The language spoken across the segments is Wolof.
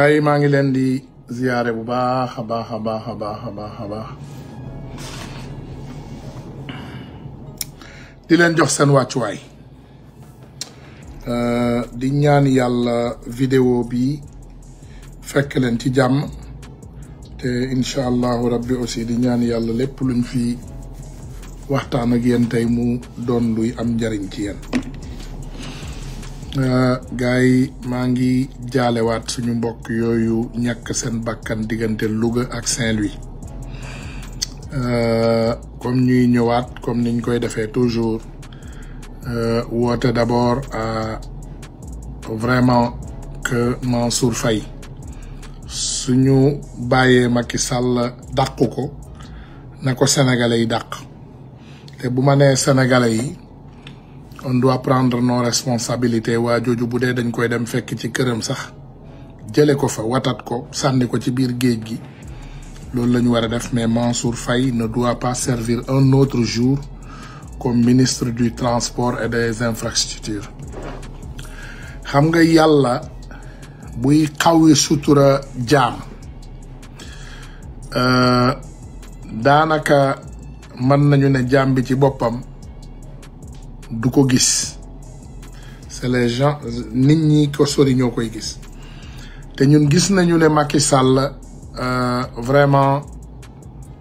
ayi ma gi len di ziyare bu baaxa baaxa baaxa baaxa baaxa baaxa di len jox sen wàccuwaay euh, di ñaan yàlla vidéo bi fekk leen ci jàmm te incha allahu rabbi aussi di ñaan yàlla lépp luñ fi waxtaan ak yéen tey mu doon luy am njariñ ci yéen Euh, gars yi maa ngi jaalewaat suñu mbokk yooyu ñàkk seen bakkan diggante Louga ak Saint-Louis euh, comme ñuy ñëwaat comme niñ koy defee toujours euh, woote d'abord à vraiment que Mansour Faye suñu bàyyee Macky Sall dàq ko na ko sénégalais yi dàq te bu ma nee sénégalais yi on doit prendre nos responsabilités Wa joju budé dañ koy dem fekk ci kërëm sax jëlé ko fa watat ko sanni ko ci biir géej gi loolu la wara def mais Mansour Faye ne doit pas servir un autre jour comme ministre du transport et des infrastructures xam nga yalla buy xawé sutura jaam euh, Danaka, man nañu ne jambi ci bopam du gis c'est les gens nit ñi ko sori koy gis té ñun gis nañu né Macky Sall euh, vraiment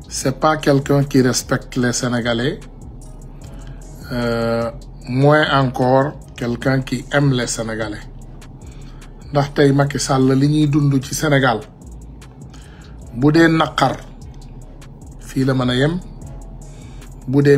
c'est pas quelqu'un qui respecte les Sénégalais euh, moins encore quelqu'un qui aime les Sénégalais ndax tay Macky Sall li ñi dund ci Sénégal bu un homme la mëna yem bu dee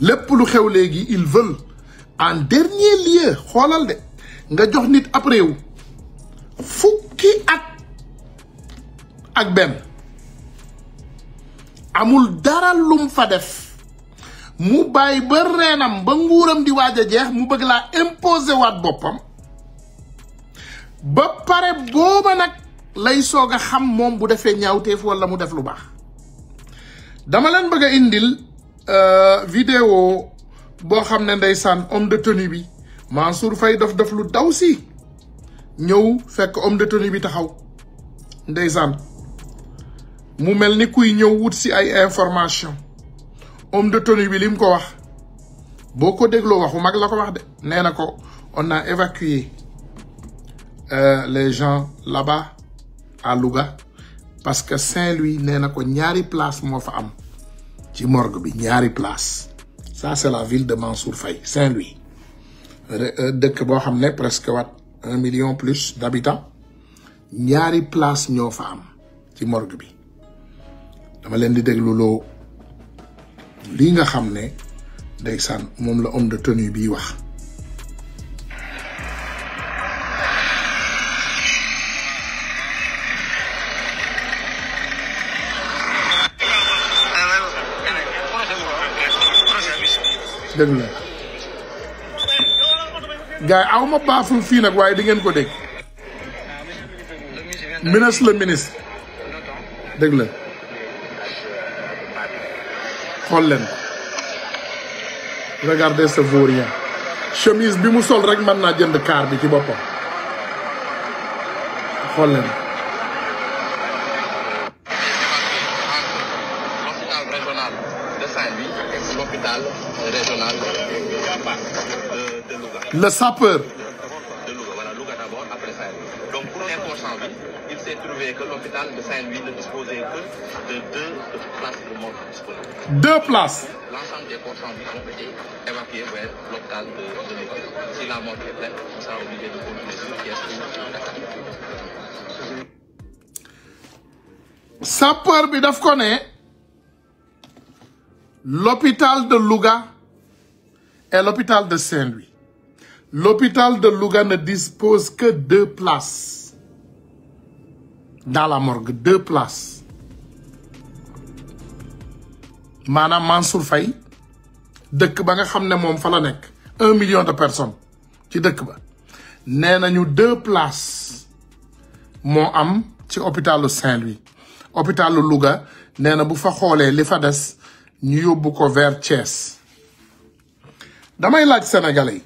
lépp lu xew léegi ils veulent en dernier lieu xoolal de nga jox nit fukki at ak benn amul dara lum fa def mu bàyyi ba reenam ba nguuram di waaj a jeex mu bëgg laa imposer waat boppam ba pare lay xam bu ñaawteef mu def lu baax dama indil. Euh, vidéo boo xam ne ndeysaan homme de tenue bi Mansour fay daf daf lu daw si ñëw fekk homme de tenue bi taxaw ndeysaan mu mel ni kuy ñëw wut si ay information homme de tenue bi li ko wax boo ko dégloo waxu mag la ko wax de nee na ko ona a évacué euh, les gens laba bas à Louga parce que Saint-Louis nee na ko ñaari place moo fa am ci morgue bi ñaari place ça c'est la ville de Mansour Faye Saint-Louis euh, dëkk boo xam presque wat un million plus d'habitants ñaari place ñoo fa am ci morgue bi dama leen di déglu loo lii nga xam ne ndeysaan la homme de tenue bii wax dégg nga gars aw ma baaful fii waaye di ngeen ko dégg ministre le ministre dégg la xool leen regardez ce vaurien chemise bi mu sol rek mën naa jënd kaar bi ci boppam xool leen le sapeur. Donc pour l'inconscient, il s'est trouvé que l'hôpital de Saint-Louis ne disposait que de deux places pour mort disponibles. Deux places L'ensemble des conscients ont été évacués vers l'hôpital de, de Si la mort est pleine, on sera obligé de communiquer sur qui est Sapeur bi daf ko l'hôpital de Louga et l'hôpital de Saint-Louis lopital de Louga ne dispose que deux places dans la morgue deux places maanaam Mansour Faye dëkk ba nga xam ne moom fa la nekk un million de personnes ci dëkk ba nee nañu deux places moo am ci hôpitalu Saint-Louis hôpitalu Louga nee na bu fa xoolee li fa des ñu yóbbu ko vers Thiès damay laaj sénégalais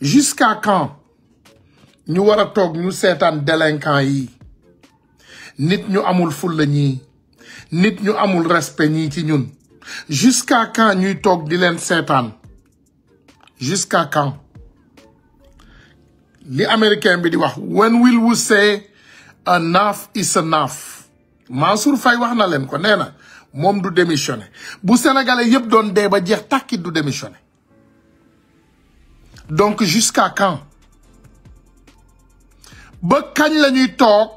jusqu'à quand ñu war a toog ñu seetaan délinquant yi nit ñu amul fulla ñii nit ñu amul respect ñii ci ñun jusqu'à quand ñuy toog di leen seetaan jusqu'à quand li américain bi di wax when will we say enough is enough Mansour Faye wax na leen ko nee na moom du démissionné bu sénégalais yëpp doon dee ba jeex tàkkit du démissionné donc jusqu'à quand ba kagn la ñuy toog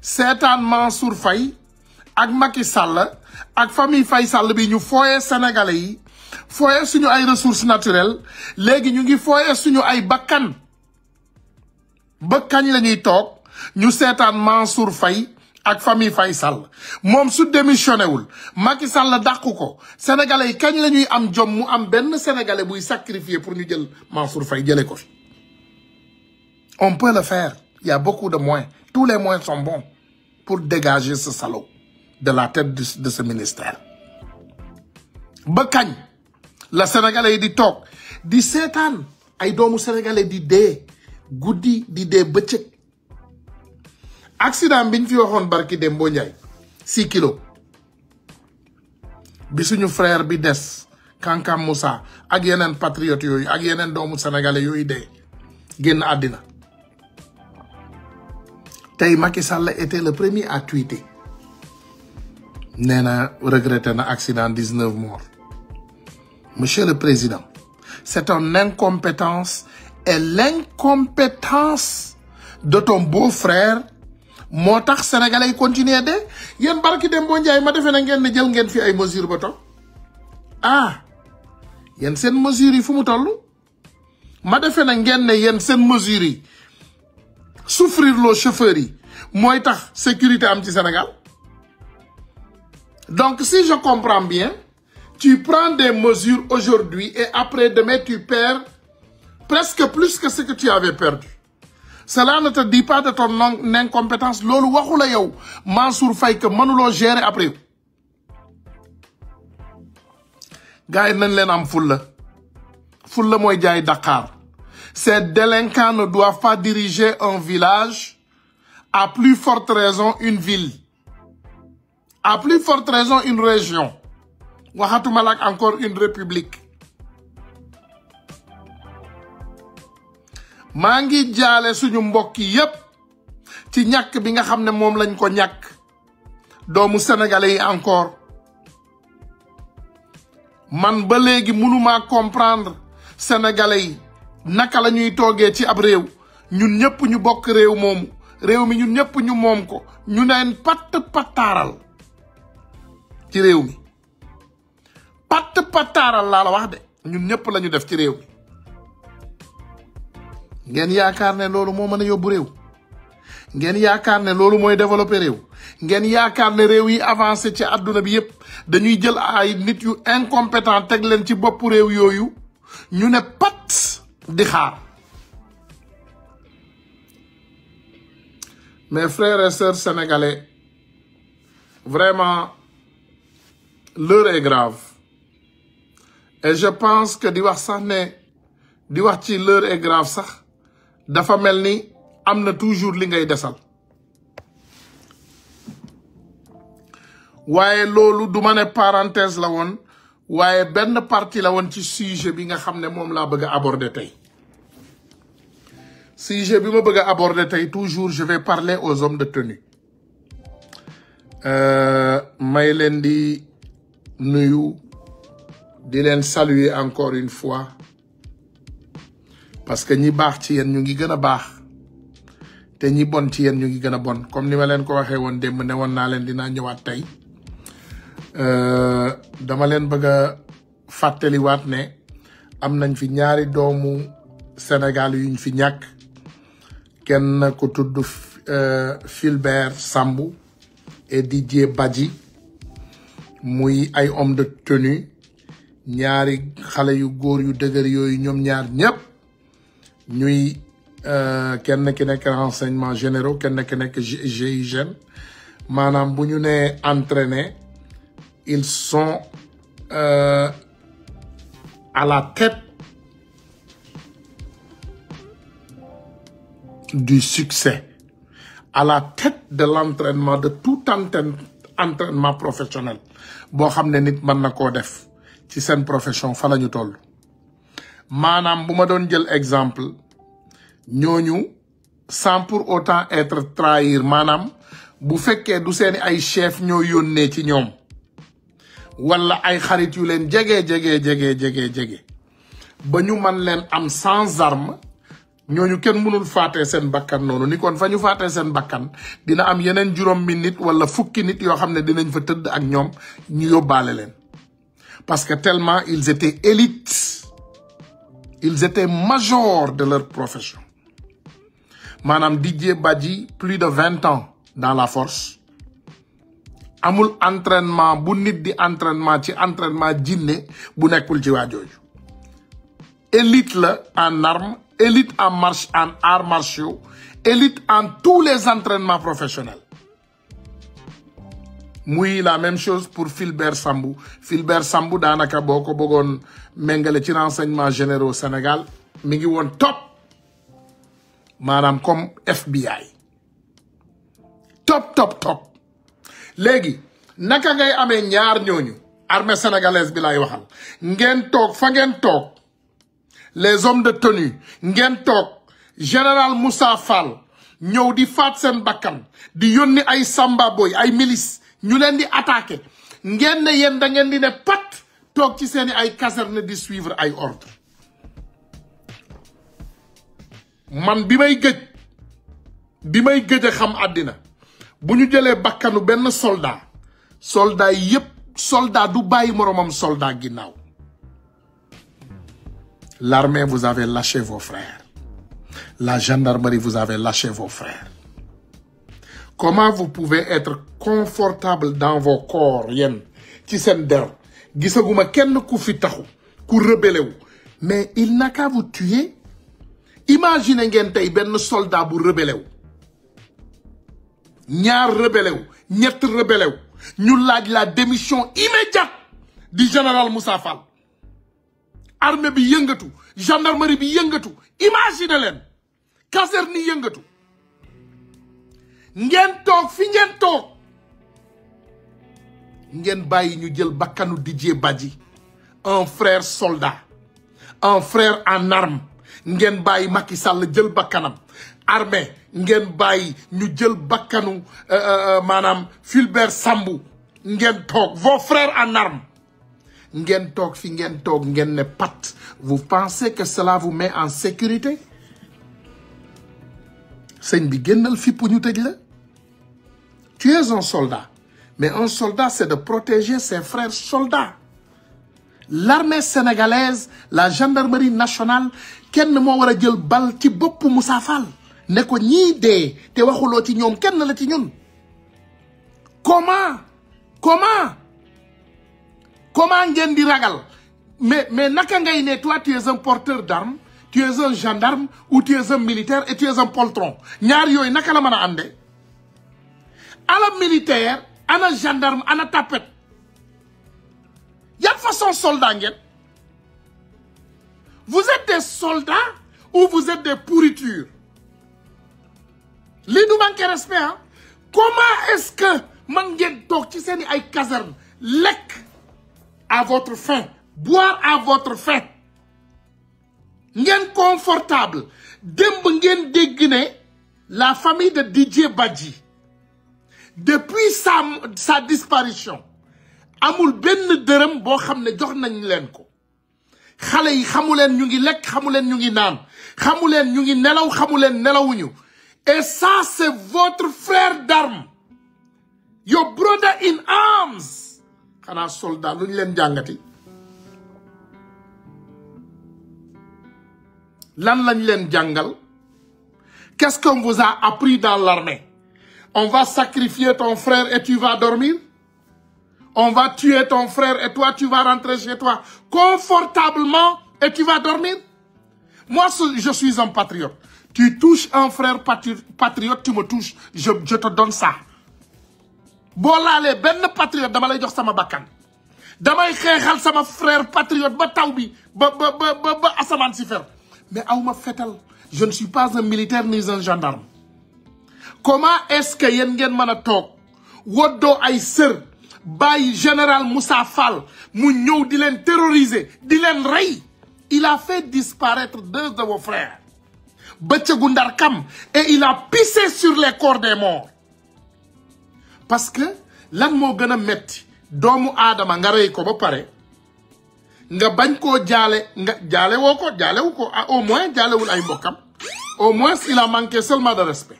seetaan Mansour Faye ak Macky Sall ak famille Faye Sall bi ñu fooyee sénégalais yi fooyee suñu ay ressources naturelles légui ñu ngi fooyee suñu ay bakkan ba kagn la ñuy toog ñu seetaan Mansour Faye ak famille Faye Sall su démissionné wul Macky Sall dàq ko sénégalais yi lañuy am jom mu am ben sénégalais buy sacrifier pour ñu jël Mansour Faye ko on peut le faire il y a beaucoup de moyens tous les moyens sont bons pour dégager ce salaud de la tête de ce ministère. ba kañ la sénégalais di tok di sétane ay doomu sénégalais di dé goudi di dé beuk accident biñ fi waxone barki dembo 6 six kilos bi suñu frère bi dess Kanka Moussa ak yenen patriote yooyu ak yenen doomu sénégalais yooyu dé genn adina tay Macky Sall était le premier à tweeter regrette regretter na accident 19 morts monsieur le président c'est ton incompétence et l'incompétence de ton beau-frère motax sénégalais yi continuer de yéen barki dem bo ndjay ma défé na ngeen ne jël fi ay mesures ba ah yéen sen mesures yi fumu mu ma défé na ngeen ne yéen seen mesures yi souffrir lo chauffeurs yi moy tax sécurité am ci Sénégal donc si je comprends bien tu prends des mesures aujourd'hui et après demain tu perds presque plus que ce que tu avais perdu cela ne te dit pas de ton incompétence compétence. ce Mansour Faye que mënuloo gérer après gars yi l'en am fulla fulla mooy jaay Dakar ces délinquants ne doivent pas diriger un village à plus forte raison une ville à plus forte raison une région Ou encore une république mangi jale suñu mbokk yep ci ñak bi nga xamne mom lañ ko ñak doomu sénégalais encore man ba léegi mënumaa comprendre sénégalais naka lañuy ñuy ci ab réew ñun ñëpp ñu bokk réew mom réew mi ñun ñëpp ñu mom ko ñu neen pat pataral ci réew mi pat pataral la la wax de ñun ñëpp lañu def ci réew mi ngeen yaakaar ne loolu moo mën a yóbbu réew ngeen yaakaar ne loolu mooy développé réew ngeen yaakaar ne réew yi avancé ci àdduna bi yépp dañuy jël ay nit yu incompétent teg leen ci bopp réew yooyu ñu ne pat di xaar mes frères et sœurs sénégalais vraiment l'heure est grave et je pense que di wax sax ne di wax ci l'heure est grave sax dafa mel ni toujours li ngay dessal waye lolou du ma ne parenthèse la won waye benn partie la won ci sujet bi nga xam ne la bëgg aborder tay sujet bi ma bëgg aborder tay toujours je vais parler aux hommes de tenue euh, may leen di nuyu di saluer encore une fois parce que ñi baax ci yéen ñu ngi gën a baax te ñi bon ci yéen ñu ngi gën a bon comme ni ma leen ko waxee woon démb ne woon naa leen dinaa ñëwaat tey euh, dama leen bëgg a fàttaliwaat ne am nañ fi ñaari doomu Sénégal yuñ fi ñàkk kenn ku tudd Fulbert euh, Sambou et Didier Badji muy ay homme de tenue ñaari xale yu góor yu dëgër yooyu ñoom ñaar ñëpp ñuy euh, kenn ki nekk renseignement généraux kenn ki nekk GIGN maanaam bu ñu nee entraînés ils sont euh, à la tête du succès à la tête de l'entraînement de tout entraînement professionnel boo xam ne nit mën na koo def ci seen profession fa la ñu toll maanaam bu ma doon jël exemple ñooñu sans pour autant être trahir maanaam bu fekkee du seeni ay chef ñoo yónnee ci ñoom wala ay xarit yu leen jege jege jege jege jege ba ñu man leen am sans arme ñooñu kenn mënul faatee seen bakkan noonu ni kon fa ñu faatee seen bakkan dina am yeneen juróom nit wala fukki nit yoo xam ne dinañ fa tëdd ak ñoom ñu yóbbaale leen parce que tellement ils étaient élites ils étaient majeurs de leur profession Madame Didier Badi, plus de 20 ans dans la force amul entraînement bu nit di entraînement ci entraînement dîné, bu nekul ci élite en armes élite en marche en arts martiaux élite en tous les entraînements professionnels muy la même chose pour Philbert Sambou Philbert Sambou d'Anaka Boko Bogon, mengale ci renseignement généraux Sénégal mi ngi top Madame, comme FBI top top top Legi, naka ngay amé ñaar ñooñu armée sénégalaise bi lay waxal ngén tok les hommes de tenue ngén tok général Moussa Fall ñëw di fat sen yon di yónni ay Samba Boy ay milice ñu leen di attaquer ngeen ne yéen da ngeen di ne pat toog ci seeni ay caserne di suivre ay ordre man bi may gëj bi may gëj xam àddina bu ñu jëlee bakkanu benn soldat soldat yépp soldat du bàyyi moromam soldat ginnaaw l'armée vous avez lâché vos frères la gendarmerie vous avez lâché vos frères comment vous pouvez être confortable dans vos corps yen ci sen der gisaguma kenn ku fi taxu ku rebelle wu mais il n'a qu'à vous tuer imaginez ngeen tay un soldat bu rebelle wu ñaar rebelle wu ñett rebelle wu ñu laaj la démission immédiate du général Moussa Fall armée bi yëngatu gendarmerie bi yëngatu imaginez len caserne se yëngatu ngeen toog fi ngeen toog ngeen bàyyi ñu jël bakkanu Badji un frère soldat un frère en arme ngeen bàyyi Macky Sall jël bakkanam armée ngeen bàyyi ñu jël bakkanu euh, euh, euh, maanaam Fulbert Sambou ngeen tok vos frères en armes ngeen toog fi ngeen ne pat vous pensez que cela vous met en sécurité sëñ bi génnal fippu ñu tëj la tu es un soldat. Mais un soldat, c'est de protéger ses frères soldats. L'armée sénégalaise, la gendarmerie nationale, kenn ce que tu jël bal ci bopp Moussa Fall ne ko Tu te ci comment comment comment on di ragal mais mais naka toi tu es un porteur d'armes tu es un gendarme ou tu es un militaire et tu es un poltron ñaar yoy, naka la à la militaire un gendarme tapette. y a de façon soldat vous êtes des soldats ou vous êtes des pourritures Les manque de respect hein? comment est-ce que vous ngeen toog ci seeni caserne à votre faim boire à votre faim êtes confortable Vous êtes de la famille de DJ Badji depuis sa sa disparition amul ben deureum bo xam jox nañ len ko xale yi nan, ñu ngi lek xamuleen ñu ngi naan ñu ngi nelaw et ça c'est votre frère d'armes your brother in arms kana soldat lu ñu leen lan lañ qu'est-ce qu'on vous a appris dans l'armée on va sacrifier ton frère et tu vas dormir. On va tuer ton frère et toi, tu vas rentrer chez toi confortablement et tu vas dormir. Moi, je suis un patriote. Tu touches un frère patriote, tu me touches, je, te donne ça. Bon ben patriote frère patriote mais je ne suis pas un militaire ni un gendarme comment est-ce que Yengen ngeen Wodo tok wodo ay sœur général Moussa Fall mu ñëw di len terroriser di len rey il a fait disparaître deux de vos frères bëccëgu kam et il a pissé sur les corps des morts parce que lan mo gëna a metti doomu adama nga ray ko ba pare nga bañ ko jalé nga jalé woko. Ah, au moins wul ay au moins il a manqué seulement de respect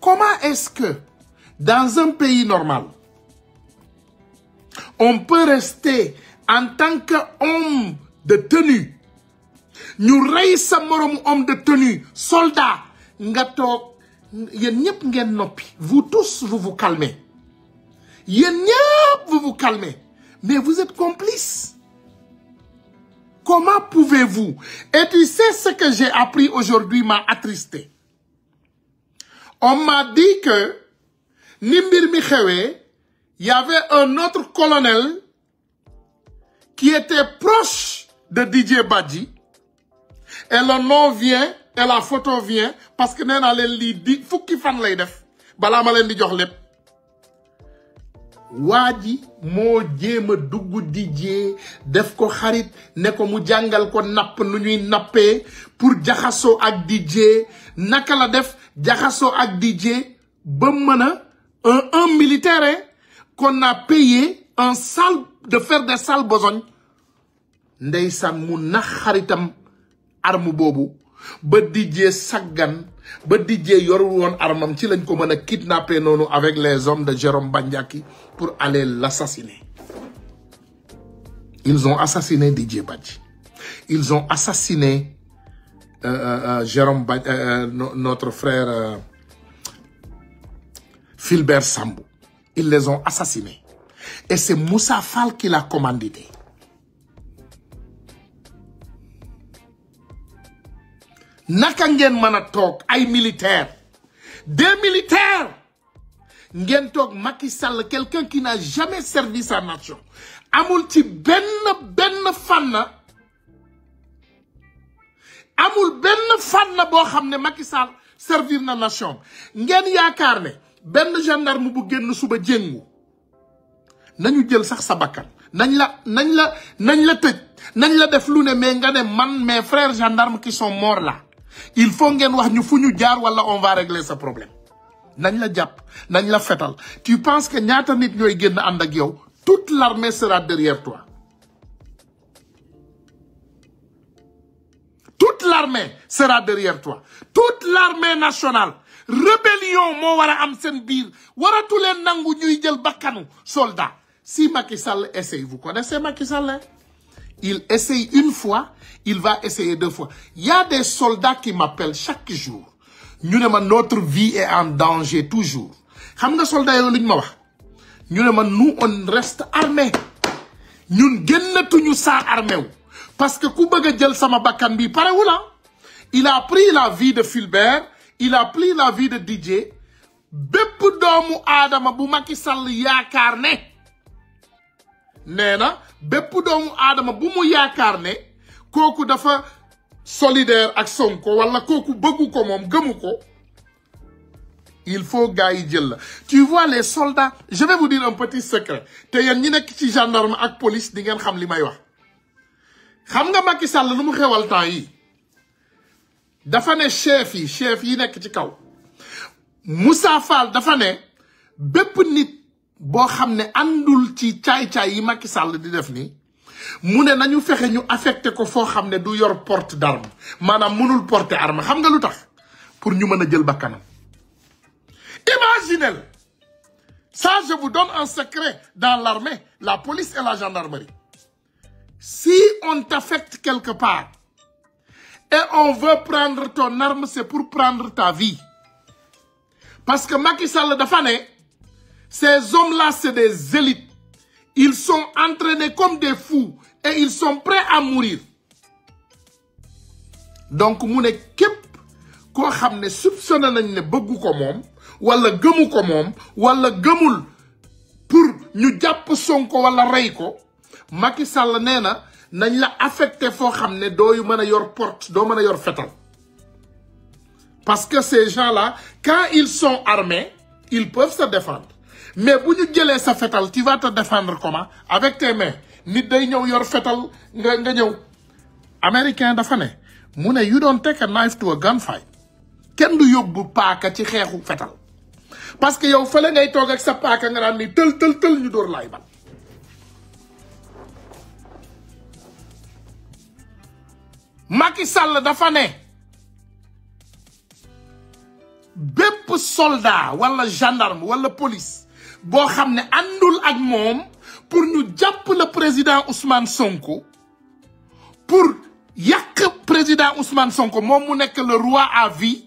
Comment est-ce que, dans un pays normal, on peut rester en tant qu'homme de tenue Nous réussissons sa homme de tenue soldat vous tous vous vous calmez vous vous calmez mais vous êtes complices comment pouvez-vous et tu sais ce que j'ai appris aujourd'hui m'a attristé on m'a dit que Nimbir Michewe il y avait un autre colonel qui était proche de Didier Badji. Et le nom vient, et la photo vient, parce que nous allons dire, fukki fan lay def, bala ma len di jox lepp. dugu ji defko jéem a Didier def ko xarit ne ko mu jangal ko nap, nu ñuy pour jaxasoo ak Didier naka la def jaxaso ak DJ ba un un militaire hein, qu'on a payé en salle de faire des sales besognes ndeysaan mu nax arme bobu ba DJ saggan ba DJ yorul won armam ci lañ ko meuna kidnapper avec les hommes de Jérôme Bandiaki pour aller l'assassiner ils ont assassiné DJ Badji ils ont assassiné euh, euh, euh, Jérôme notre frère Philbert Sambou. Ils les ont assassinés. Et c'est Moussa Fall qui l'a commandité. Nakangen manatok, militaire, militaires des militaires ngeen Macky quelqu'un qui n'a jamais servi sa nation amul ben ben amul ben fànn bo xamné ne Macky Sall servir na nation ngén yaakar né ben gendarme bu génn suba jéngu nañu jël sax sa bakkan nañ la nañ la nañ la tëj nañ la def lu ne mais nga man mes frères gendarmes qui sont morts là il faut ngén wax ñu fuñu jaar wala on va régler ce problème nañ la japp nañ la fétal tu penses que ñaata nit ñoy génn ànd ak yow toute l'armée sera derrière toi l'armée sera derrière toi toute l'armée nationale rébellion mon wara am voilà tous Wara waratu leen nangou ñuy jël bakkanu soldat si Macky Sall essaye vous connaissez Macky Sall hein? il essaye une fois il va essayer deux fois il y a des soldats qui m'appellent chaque jour Nous, notre vie est en danger toujours xam nga soldats ni nous, ma wax nous on reste armés Nous, armé parce que ku bëgg a jël sama bakkan bi parewu ah. il a pris la vie de Fulbert il a pris la vie de DJ. bépp doomu Adama bu Macky Sall yaakaar nena. nee na Adama bu mu yaakaar koku dafa solidaire ak Sonko wala koku beugou ko moom ko il faut gars tu vois les soldats je vais vous dire un petit secret te yene ñi nekk ci gendarme ak police di ngeen xam li may wax xam nga Macky sàll lu mu xewal temps yi dafa ne chef yi chef yi nekk ci kaw Moussa Fall dafa ne bépp nit boo xam ne àndul ci caay-caay yi Macky Sall di def nii mu ne nañu fexe ñu affecté ko foo xam ne du yor porte d'arme maanaam mënul porte arme xam nga lu tax pour ñu mën a jël bakkanam imaginez ça je vous donne un secret dans l'armée la police et la gendarmerie Si on t'affecte quelque part et on veut prendre ton arme, c'est pour prendre ta vie. Parce que Macky Dafane, ces hommes-là, c'est des élites. Ils sont entraînés comme des fous et ils sont prêts à mourir. Donc, équipe, ne képp koo ne soupçonné nañ ne homme ou moom wala gëmu pour nous jàpp Sonko wala l'a Macky Sall nena, na nañ la affecté fo xamné do yu mëna yor porte do mëna your yor fétal parce que ces gens-là quand ils sont armés ils peuvent se défendre mais buñu jëlé sa fétal, tu vas te défendre comment avec tes mains nit day ñew yor fétal nga nga ñëw américain dafa né you don't take a knife to a gunfight kenn du yóbbu paaka ci xeexu fétal? parce que yow fële ngay toog ak sa paaka nga ni teul teul teul ñu dor bal Macky Sall dafa ne soldats, soldat wala gendarme wala police bo xamné andul ak mom pour nous japp le président Ousmane Sonko pour yak président Ousmane Sonko mon mu que le roi à vie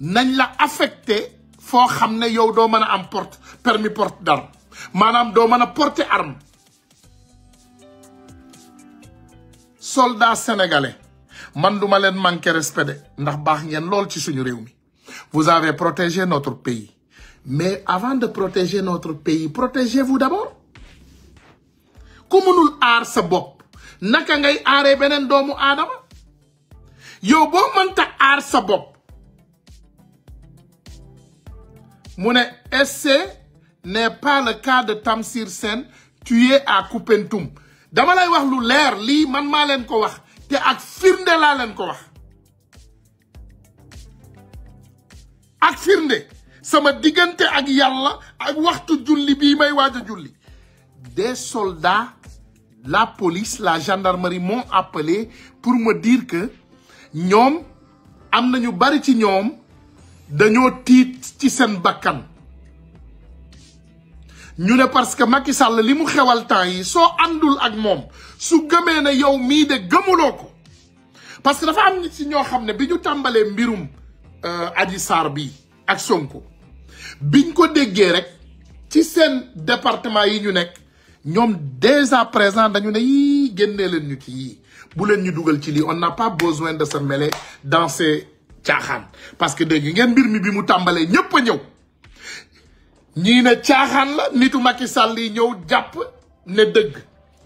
nañ la affecté fo xamné yow do mëna am porte permis porte d'arme manam do porter soldats sénégalais man duma len manquer respect de ndax bax ci suñu vous avez protégé notre pays mais avant de protéger notre pays protégez-vous d'abord kumunul ar sabop, sa bop naka ngay adam. beneen doomu aadama yow boo ta ar sa bop ce n'est pas le cas de Tamsir Sen tué à Koupentoum dama lay wax lu leer li man ma len ko wax te ak firnde la len ko wax ak firnde sama digante ak yalla ak waxtu julli bi may waaj julli des soldats la police la gendarmerie m'ont appelé pour me dire que ñom am na ñu bari ci ñom dañu tit ci sen bakkan ñu parce que Macky Sall li mu xewal temps yi so àndul ak mom su gëmé ne yow mi de gëmuloo ko parce que dafa am nit ci ño xamné biñu tambalé ñu tàmbalee mbirum euh, Adji Sarr bi ak Sonko biñ ko déggé rek ci sen département yi ñu ñom déjà présent dañu né yi génnee leen ñu ci bu leen ñu duggal ci li on n'a pas besoin de se mêler dans ces caaxaan parce que dégg ngeen mbir mi bi mu tambalé ñepp ñew ni ne tiaxan la nitu Macky Sall yi ne deug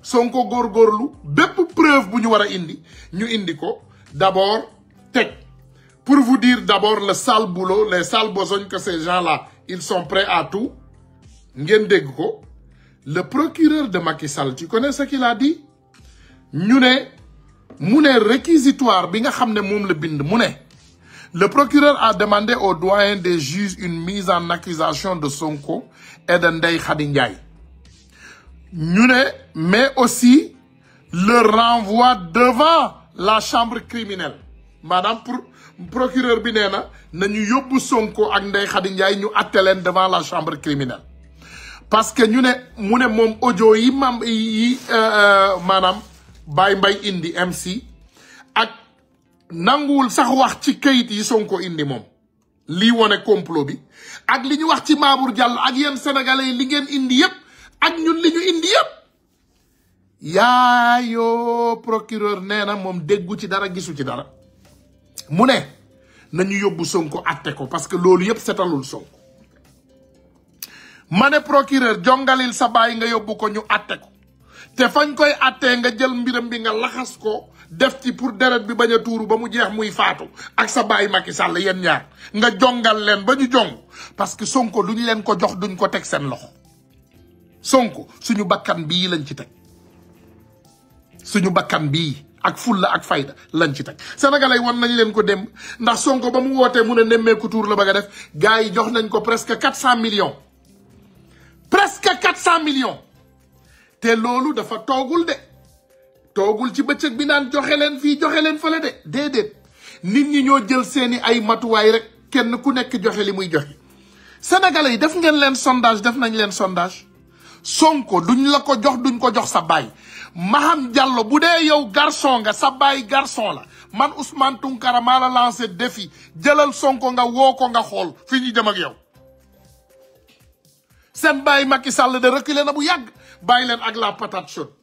Sonko gorlu bepp preuve bu ñu wara indi ñu indi ko d'abord teg pour vous dire d'abord le sale boulot les sales besognes que ces gens-là ils sont prêts à tout ngeen dégg ko le procureur de Macky Sall tu connais ce qu'il a dit ñu ne mu ne réquisitoire bi nga xam mom la bind mu ne le procureur a demandé au doyen des juges une mise en accusation de Sonko et de Ndeye mais aussi le renvoi devant la chambre criminelle. Madame procureur bi nous nous nañu Sonko et devant la chambre criminelle parce que nous, ne mu audio yi mam euh, euh, MC Nangul sax wax ci keuyit yi sonko indi mom li woné complot bi ak liñu wax ci mabour Diallo ak yeen sénégalais li ngeen indi yépp ak ñun liñu indi yépp yo procureur néna mom déggu ci dara gisu ci dara mu ne nañu yobbu sonko atté ko parce que loolu yépp sétalul sonko mané procureur jongalil sa bay nga yobbu ko ñu atté ko té fañ koy atté nga jël mbiram bi nga laxas ko def ci pour deret bi baña touru ba mu jeex muy faatu ak sa baye Macky Sall yeen ñaar nga jongal len bañu jong parce que Sonko lu len ko jox duñ ko tek sen loxo Sonko suñu bakkan bi lañ ci tek suñu bakkan bi ak fulla ak fayda lañ ci tek sénégalais wan nañ len ko dem ndax Sonko ba mu wootee mu ne ko tour la ba def gaay yi jox nañ ko presque 400 millions presque 400 millions té lolu dafa togul de toogul ci bëccëg bi naan joxe leen fii joxe leen fële de déedéet nit ñi ñoo jël seeni ay matuwaay rek kenn ku nekk joxe li muy joxe sénégalais yi def ngeen leen sondage def nañ leen sondage sonko duñ la ko jox duñ ko jox sa baay Maham Diallo bu dee yow garson nga sa baay garçon la man Ousmane Tounkara maa la lancé défi jëlal sonko nga woo ko nga xool fii ñu jëm ak yow seen baay Macky Sall de reculé na bu yàgg bàyyi leen ak la patate chaude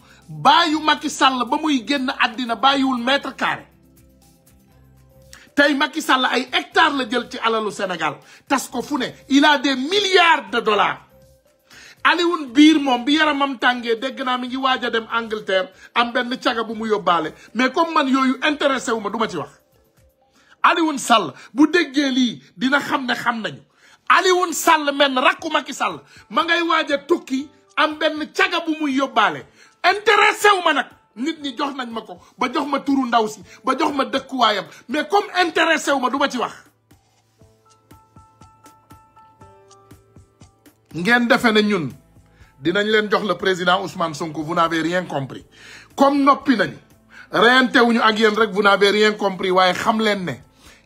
bàyyu Macky Sall ba muy génn àddina bàyyiwul mètre carré tey Macky Sall ay hectares la jël ci alalu Sénégal tas ko fu ne il a des milliards de dollars Alioune biir moom bi yaramam tàngee dégg naa mi ngi waaj a dem Angleterre am benn caga bu mu yóbbaale mais comme man yooyu intéressé wu ma du ma ci wax Alioune Sall bu déggee lii dina xam ne xam nañu Alioune Sall menn rakku Macky Sall ma ngay waaj tukki am benn caga bu muy yóbbaale intéressé wu ma nag nit ñi jox nañ ma ko ba jox ma turu ndaw si ba jox ma dëkkuwaayam mais comme intéressé wu ma du ma ci wax ngeen defe ne ñun dinañ leen jox le président Ousmane Sonko vous n'avez rien compris comme noppi nañ reyante wuñu ak yéen rek vous n'avez rien compris waaye xam leen ne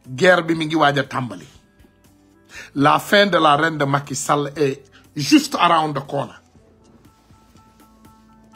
guerre bi mi ngi waaj a tàmbali la fin de la reine de Macky Sall et juste around the corner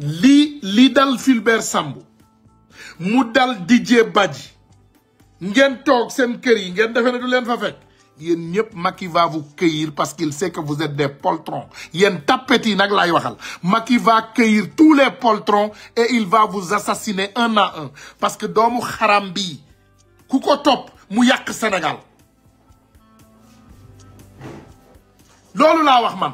li li dal filbert Sambou mu dal Didier Badji ngien tok sen kër yi ngeen il du fa fek va vous cueillir parce qu'il sait que vous êtes des poltrons yen tapeti nak lay waxal Macky va cueillir tous les poltrons et il va vous assassiner un à un parce que dans mon harambi, kuko top, mu yak Sénégal lolu la wax man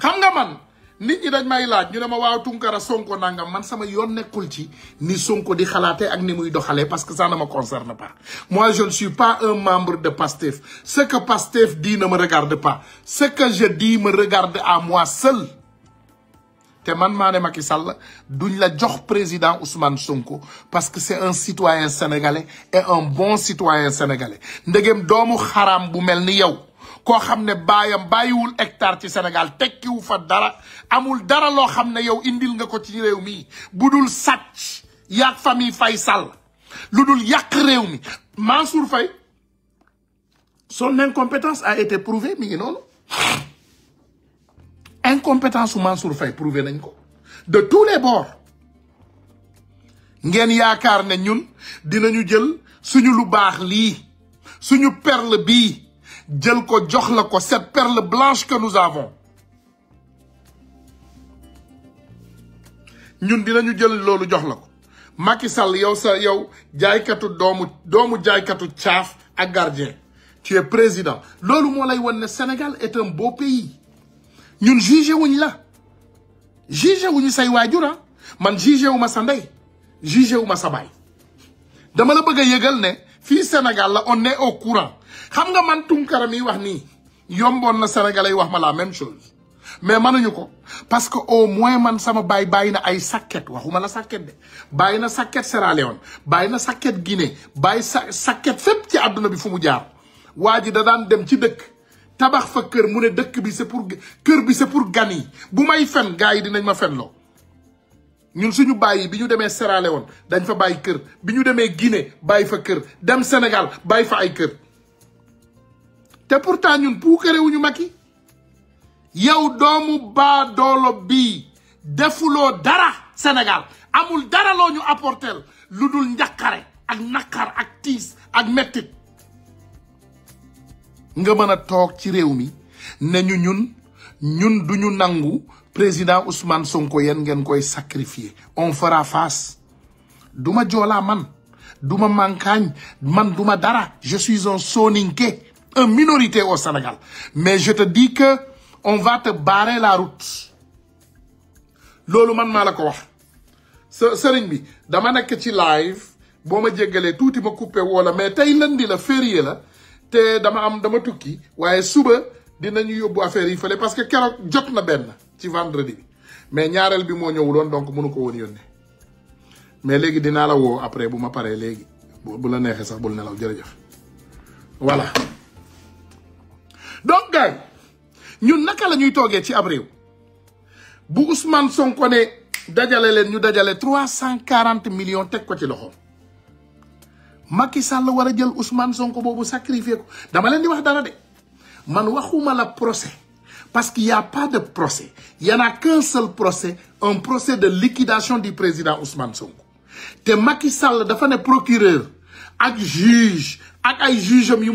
xam nga man nit ñi dañ may laaj ñu ne ma waaw Tunkara Sonko nangam man sama yoon nekkul ci ni Sonko di xalaatee ak ni muy doxalee parce que ça ne ma concerne pas moi je ne suis pas un membre de PASTEF ce que PASTEF dit ne ma regarde pas ce que je dis me regarde à moi seul te man maa ne Macky Sall duñ la jox président Ousmane Sonko parce que c'est un citoyen sénégalais et un bon citoyen sénégalais ndegem doomu xaraam bu mel ni yow ko xam bayam bayiwul hectare ci Sénégal wu fa dara amul dara lo xam yow indil nga ko ci réew mi bu dul sàcc yaag famille Faye Sall lu mi Mansour Faye son incompétence a été prouvée mi ngi noonu incompétence Mansour Faye prouvé nañ ko de tous les bords ngeen yaakaar ne ñun dinañu jël suñu lu baax lii suñu perle bii jël ko jox la ko cette perle blanche que nous avons ñun dinañu jël loolu jox la ko Macky Sall yow sa yow jaaykatu doomu doomu jaaykatu caaf ak gardien ci es président loolu moo lay won ne Sénégal est un pays ñun jugé wuñ la jugé wuñu say waajura ah. man jugé wu ma sa ndey jugé wu ma sa baay dama la bëgg a yëgal ne fi Sénégal la on est au courant xam nga man Tounkara mi wax ni na sénégalais wax la même chose mais mënuñu ko parce que au moins man sama bay bayina ay sakket waxuma la sakket de bàyyi na sakket Sierra Leone bàyyi na sakket Guinée bàyyi sakket ci aduna bi fu mu jaar waji da dan dem ci dëkk tabax fa keur mu ne bi c'est pour keur bi c'est pour gani bu may dinañ ma ñun suñu bàyyi bi ñu demee Sierra Leone dañ fa bàyyi kër bi ñu demee Guinée bàyyi fa kër dem senegal bàyyi fa ay kër te pourtant ñun puukare wuñu Macky yow doomu baa doolo bii defuloo dara senegal amul dara loo ñu apporter lu dul njaqare ak naqar ak tiis ak mettit nga mën a toog ci réew mi ne ñu ñun ñun duñu nangu président Ousmane Sonko yen on fera face man man dara je suis un soninké un minorité au Sénégal mais je te dis que on va te barrer la route lolou man dama nek ci live boma touti ma coupé mais la férié la te dama am dama tukki waye suba dinañu yobbu affaire yi parce que na benn ci vendredi mais ñaarel bi moo ñëwuloon donc mënu ko won yónnee mais légui dina la wo après buma ma légui bu la nexé sax la nelaw jërëjëf voilà donc gay ñun naka la ñuy toggé ci bu Ousmane Sonko né dajale len ñu dajale 340 millions tek ko ci loxo Macky Sall wara jël Ousmane Sonko bobu sacrifier ko dama len di wax dara de man waxuma la procès. Parce qu'il n'y a pas de procès. Il n'y en a qu'un seul procès, un procès de liquidation du président Ousmane Sonko. T'es Macky Sall dafa ne procureur ak juge ak ay juge am yu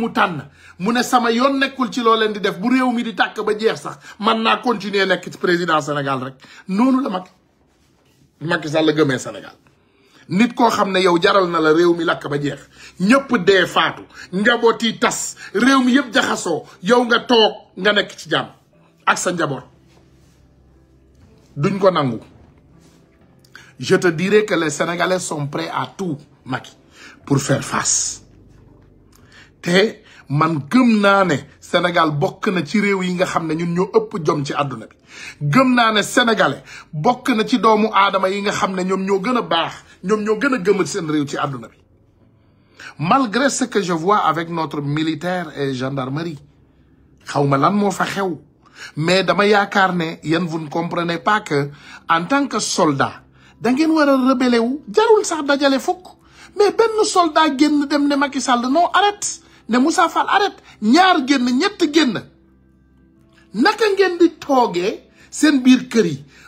ne sama yoon nekkul ci loo leen di def bu réew mi di tak ba jeex sax man na continuer nek ci président Sénégal rek Nonou la Macky Macky Sall gëmee Sénégal nit ko xamné ne yow jaral na la réew mi lakk ba jeex Ñepp dé faatu njaboot yi tas réew mi yëpp jaxasoo yow nga tok, nga nek ci jàmm ak duñ ko nangu je te dirai que les sénégalais sont prêts à tout Macky pour faire face Té, man gëm na né Sénégal bokk na ci réew yi nga xamné ñun ñoo ëpp jom ci aduna bi gëm na né sénégalais bokk na ci doomu aadama yi nga xamné ñom ñoo gëna baax ñom ñoo gëna a seen réew ci aduna bi malgré ce que je vois avec notre militaire et gendarmerie xawma lan mo fa xew mais dama car vous ne comprenez pas que en tant que soldat jarul sax dajale fuk mais un soldat genn dem ne Macky non arrête ne Moussa Fall arrête ñaar genn ñett un naka ngeen di un sen bir kër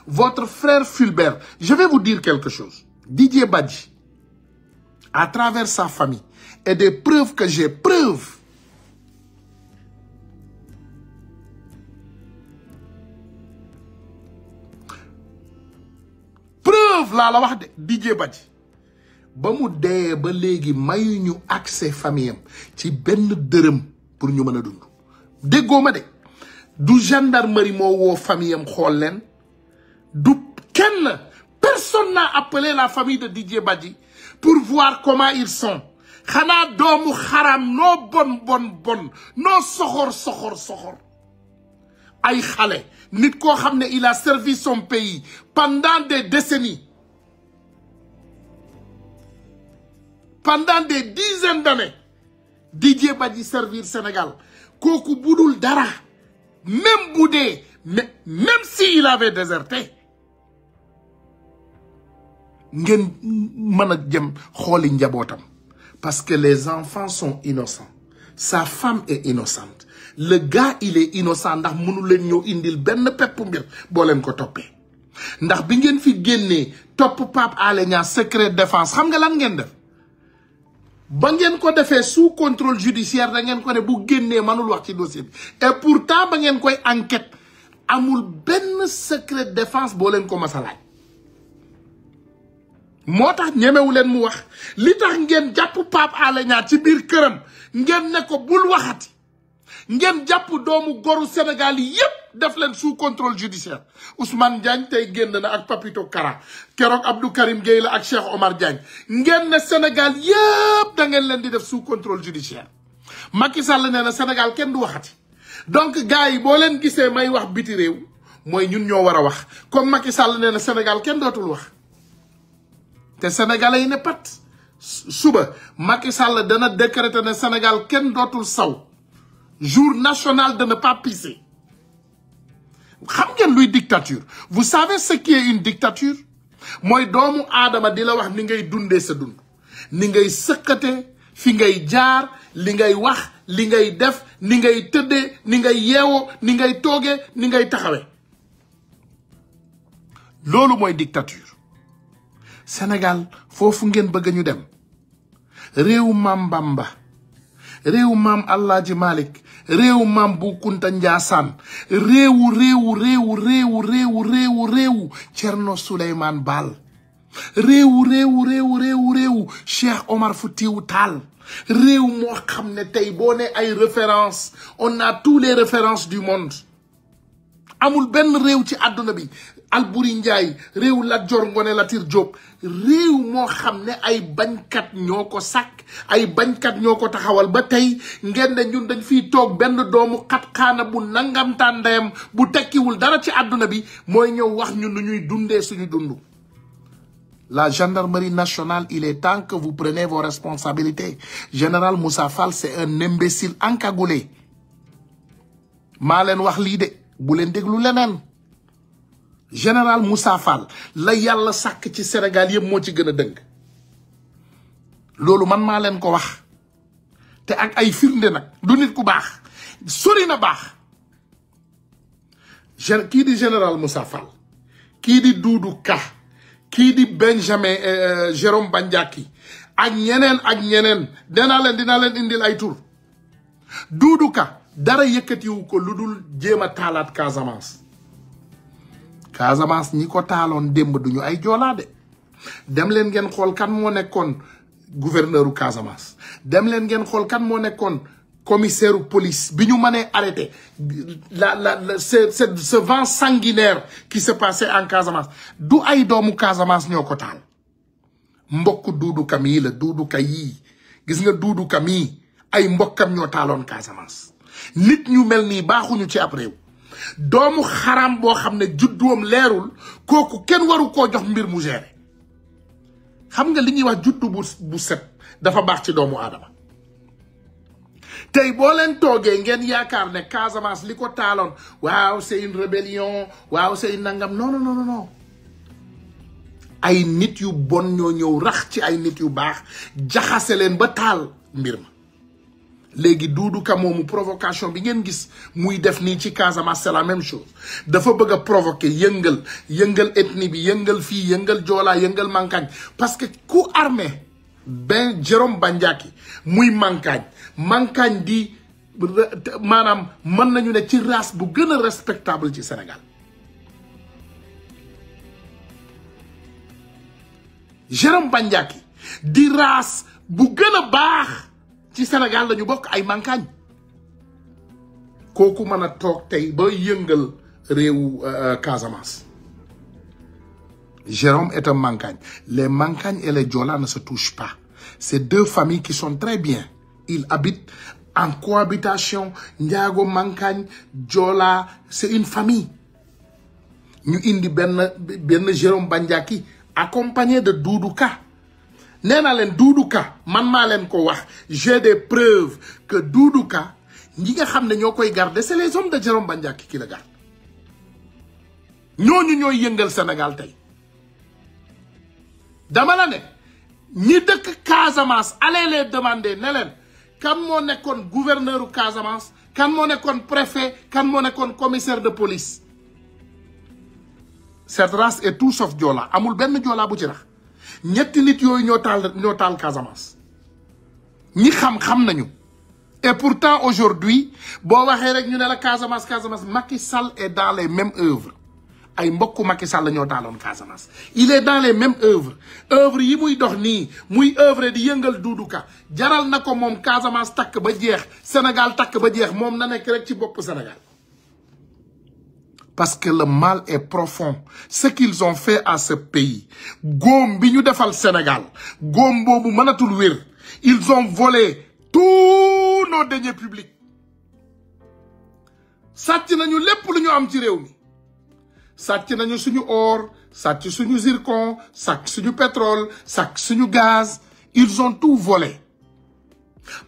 votre frère Fulbert je vais vous dire quelque chose Didier Badji à travers sa famille et des preuves que j'ai preuves preuve la wax de Didier Badji ba mu dee ba mayu ñu accès famille ci benn deureum pour ñu mëna dund déggoma dé du gendarmerie mo wo famille am xool d'où du kenn personne n'a appelé la famille de Didier badi pour voir comment ils sont xana doomu xaram no bon bon bon no soxor soxor soxor ay il a servi son pays pendant des décennies pendant des dizaines d'années Didier servi le Sénégal Koku budul dara même Boudé, même si avait déserté parce que les enfants sont innocents sa femme est innocente le gars il est innocent ndax mënu leen ñoo indil benn pepp mbir boo leen ko toppee ndax bi ngeen fi génnee topp Pape Alé Niang secret défense xam nga lan ngeen def ba ngeen ko defee sous contrôle judiciaire da ngeen ko ne bu génnee mënul wax ci dossier bi et pourtant ba ngeen koy enquête amul benn secret defence boo leen ko masalaaj moo tax ñemewu leen mu wax li tax ngeen jàpp Pape Alé ci biir këram ngeen ne ko bul waxati ngeen jàpp doomu goru Sénégal yi yépp def leen sous contrôle judiciaire Ousmane Diagne tey génn na ak Papito Kara keroog Abdou Karim Gueye la ak Cheikh Omar Diagne ngeen ne Sénégal yépp da ngeen leen di def sous contrôle judiciaire Macky Sall nee na Sénégal kenn du waxati donc gars yi boo leen gisee may wax biti réew mooy ñun ñoo war a wax comme Macky Sall nee na Sénégal kenn dootul wax te sénégalais yi ne pat suba Macky Sall dana décréter ne Sénégal kenn dootul saw jour national de ne pas pisser dictature vous savez ce qui est une dictature Moi doomu adama la wax ni ngay sa dund ni ngay fi ngay jaar li def ni ngay ni ngay ni ngay ni ngay dictature Sénégal bëgg ñu Bamba Allah Malik Reu maam bu kunta reu reu reu reu réewu réewu réewu réewu cerno souleyman reu reu réewu réewu réewu cheikh omar foutiou Tal. réew moo xam a une référence on a tous les références du monde Amoul ben réew ci al Ndiaye Réou Ladjor Djor Ngoone Latir Diop Réou moo xam ne ay bagnkat ñoko ko ay bagnkat ñoko ko taxawal ba tay, ngeen ne ñun dañ fi tok benn doomu xana bu nangamtaan ndeyam bu tekkiwul dara ci aduna bi moy ñew wax ñun ñuy suñu la gendarmerie nationale il est temps que vous preniez vos responsabilités général Moussa Fall c'est un imbécile encagoulé Malen Malen wax li dé, bu len déglu général Moussa Fall la yàlla sàkk ci Sénégal yëpp moo ci gën a dëng loolu man maa leen ko wax te ak ay firnde nag du nit ku baax sori na baax kii di général Moussa Fall kii di Doudou Ka kii di Benjamin euh, euh, Jérôme Bandiaki ak ñeneen ak ñeneen dinaa leen dinaa leen indil ay tur Doudou Ka dara yëkkatiwu ko lu dul jéem a taalaat Casamance Casamance ñi ko taaloon démb du ñu ay joolaa de dem leen ngeen xool kan moo nekkoon gouverneur u Casamance dem leen ngeen xool kan moo nekkoon commissaire police bi ñu mënee arrêté la la ce ce vent sanguinaire qui se passait en Casamance du ay doomu Casamance ñoo ko taal mbokk Doudou Kam yi la Doudou Ka gis nga duudu Kam yi ay mbokkam ñoo taaloon Casamance nit ñu mel nii baaxuñu ci ab réew doomu xaram boo xam ne judduwam leerul kooku kenn waru koo jox mbir mu gérer xam nga li ñuy wax juddu bu set dafa baax ci doomu aadama tey boo leen toogee ngeen yaakaar ne Casamance li ko taaloon waaw c'est une rébellion waaw c'est une nangam non non non ay nit yu bon ñoo ñëw rax ci ay nit yu baax jaxase leen ba taal mbir ma Les Doudou Ka momu provocation bi ngeen gis muy def ni ci la même chose dafa bëgg provoquer yëngal yëngal ethnie bi yëngal fi parce que ku armé ben Jérôme Bandiaki muy mankaañ di manam, man nañu ci race bu respectable ci Sénégal Jérôme Bandiaki di race bu ci Sénégal a tay euh, euh, Jérôme est un mankagne les mancagnes et les Jola ne se touchent pas c'est deux familles qui sont très bien ils habitent en cohabitation Ndiago, mancagne djola, c'est une famille Nous indi ben Jérôme Bandiaki accompagné de Doudouka. Nena len leen man ma len ko wax j'ai des preuves que Doudou ñi nga xamne ñokoy garder c'est les hommes de Jérôme Bandiaki qui la garde ñooñu ñooy yëngal Sénégal tay. dama la ne ñi dëkk Casamance allez les demander ne kan mo nekkoon gouverneuru Casamance kan mo préfet kan mo nekkoon commissaire de police cette race est tout sauf diola, amul ben Joola bu ci rax ñetti nit yooyu ñoo taal ñoo taal Casamance ñi xam-xam et pourtant aujourd'hui boo waxee rek ñu la Casamance Casamance Macky Sall est dans les mêmes œuvres ay mbokku Macky Sall ñoo Casamance il est dans les mêmes œuvres œuvres yi muy dox muy œuvre di yëngal jaral na ko Casamance Sénégal ba na Sénégal parce que le mal est profond ce qu'ils ont fait à ce pays Gombi bi ñu defal Sénégal Gombo, boobu ils ont volé tous nos deniers publics sàcc nañu lépp lu ñu am ci réew mi nañu suñu or sàcc suñu zircon sàcc suñu pétrole sàcc suñu gaz ils ont tout volé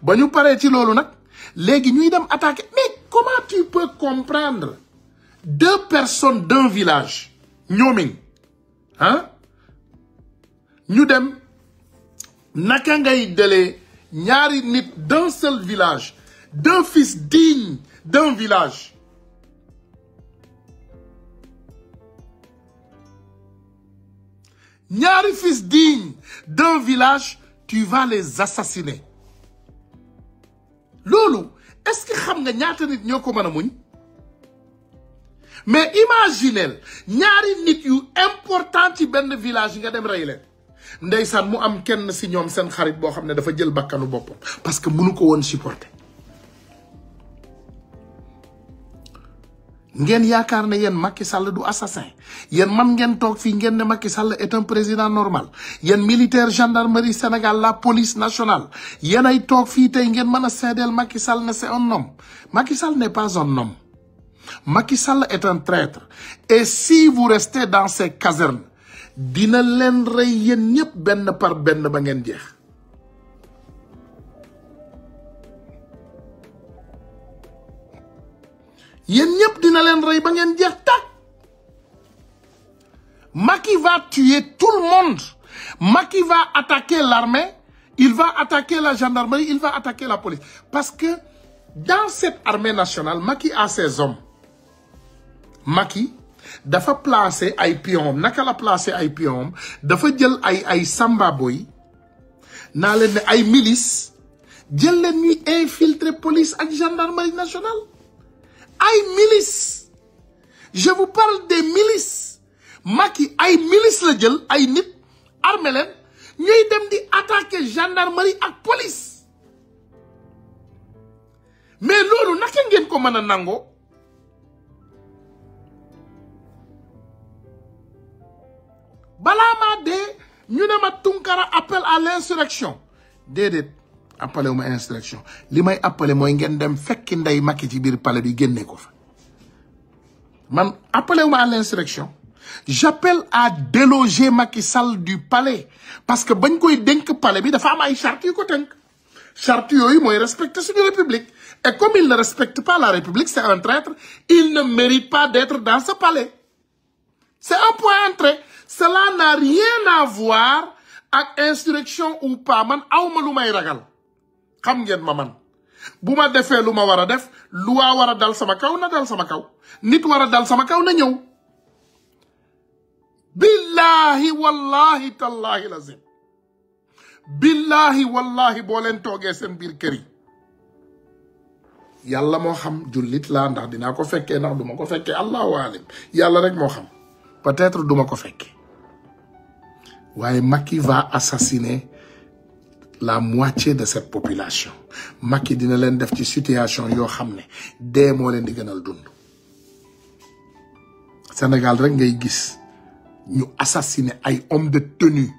Bon, nous paree ci loolu nag léegi ñuy dem mais comment tu peux comprendre deux personnes d'un village Nyoming, hein? ah ñu dem naka ngay delee ñaari nit d'un seul village d'un fils digne d'un village Nyari fils digne d'un village tu vas les assassiner Lulu, est-ce que xam nga ñaata nit ñoo mais imaginez ñaari nit yu important ci ben village nga dem rey leen ndeysaan mu am kenn si ñom sen xarit bo xam dafa jël bakkanu boppam parce que mënu ko won supporter ngen yaakar ne yen Macky Sall du assassin Yen man ngeen tok fi ngeen ne Macky Sall est un président normal Yen militaire gendarmerie Sénégal la police nationale Yen ay toog fii yen ngeen mën a Macky Sall ne c'est un homme Macky Sall n'est pas un homme Macky Sall est un traître et si vous restez dans ces casernes dina len par ben ba ngeen dina va tuer tout le monde Macky va attaquer l'armée il va attaquer la gendarmerie il va attaquer la police parce que dans cette armée nationale Macky a ses hommes Maki, dafa placer ay pions nakala a placer ay pions dafa jël ay ay Samba Boy na ay milices jël infiltrer police ak gendarmerie nationale ay milices je vous parle des milices Maki, ay milices la jël ay nit armé leen dem di attaquer gendarmerie ak police mais lolu naka ngeen ko meuna nango Balama de, dee ñu ne Tunkara appel à l'insurrection Dédé, appelé au ma insurrection limay appelé moy ngén dem fekki nday Macky ci biir palais bi génné ko fa man appelé au ma à l'insurrection j'appelle à déloger Macky Sall du palais parce que bañ koy dénk palais bi dafa am ay charte yu ko tënk charte yoy moy respecter suñu république et comme il ne respecte pas la république c'est un traître il ne mérite pas d'être dans ce palais c'est un point entrée cela n'a rien à voir avec instruction ou pas man ne ma pas ragal ma man je defé l'uma wara def loi wara dal sama kaw na dal sama kaw nit dal sama kaw na ñew billahi wallahi tallahi lazim billahi wallahi bolento len toogee seen bir yalla mo xam jullit la ndax dina ko ndax duma ko allah alim yalla rek Moham, xam peut-être duma ko waaye Maki va assassiner la moitié de cette population Maki dina que def situation il ne Des di gënal Sénégal rek ngay assassiner hommes de tenue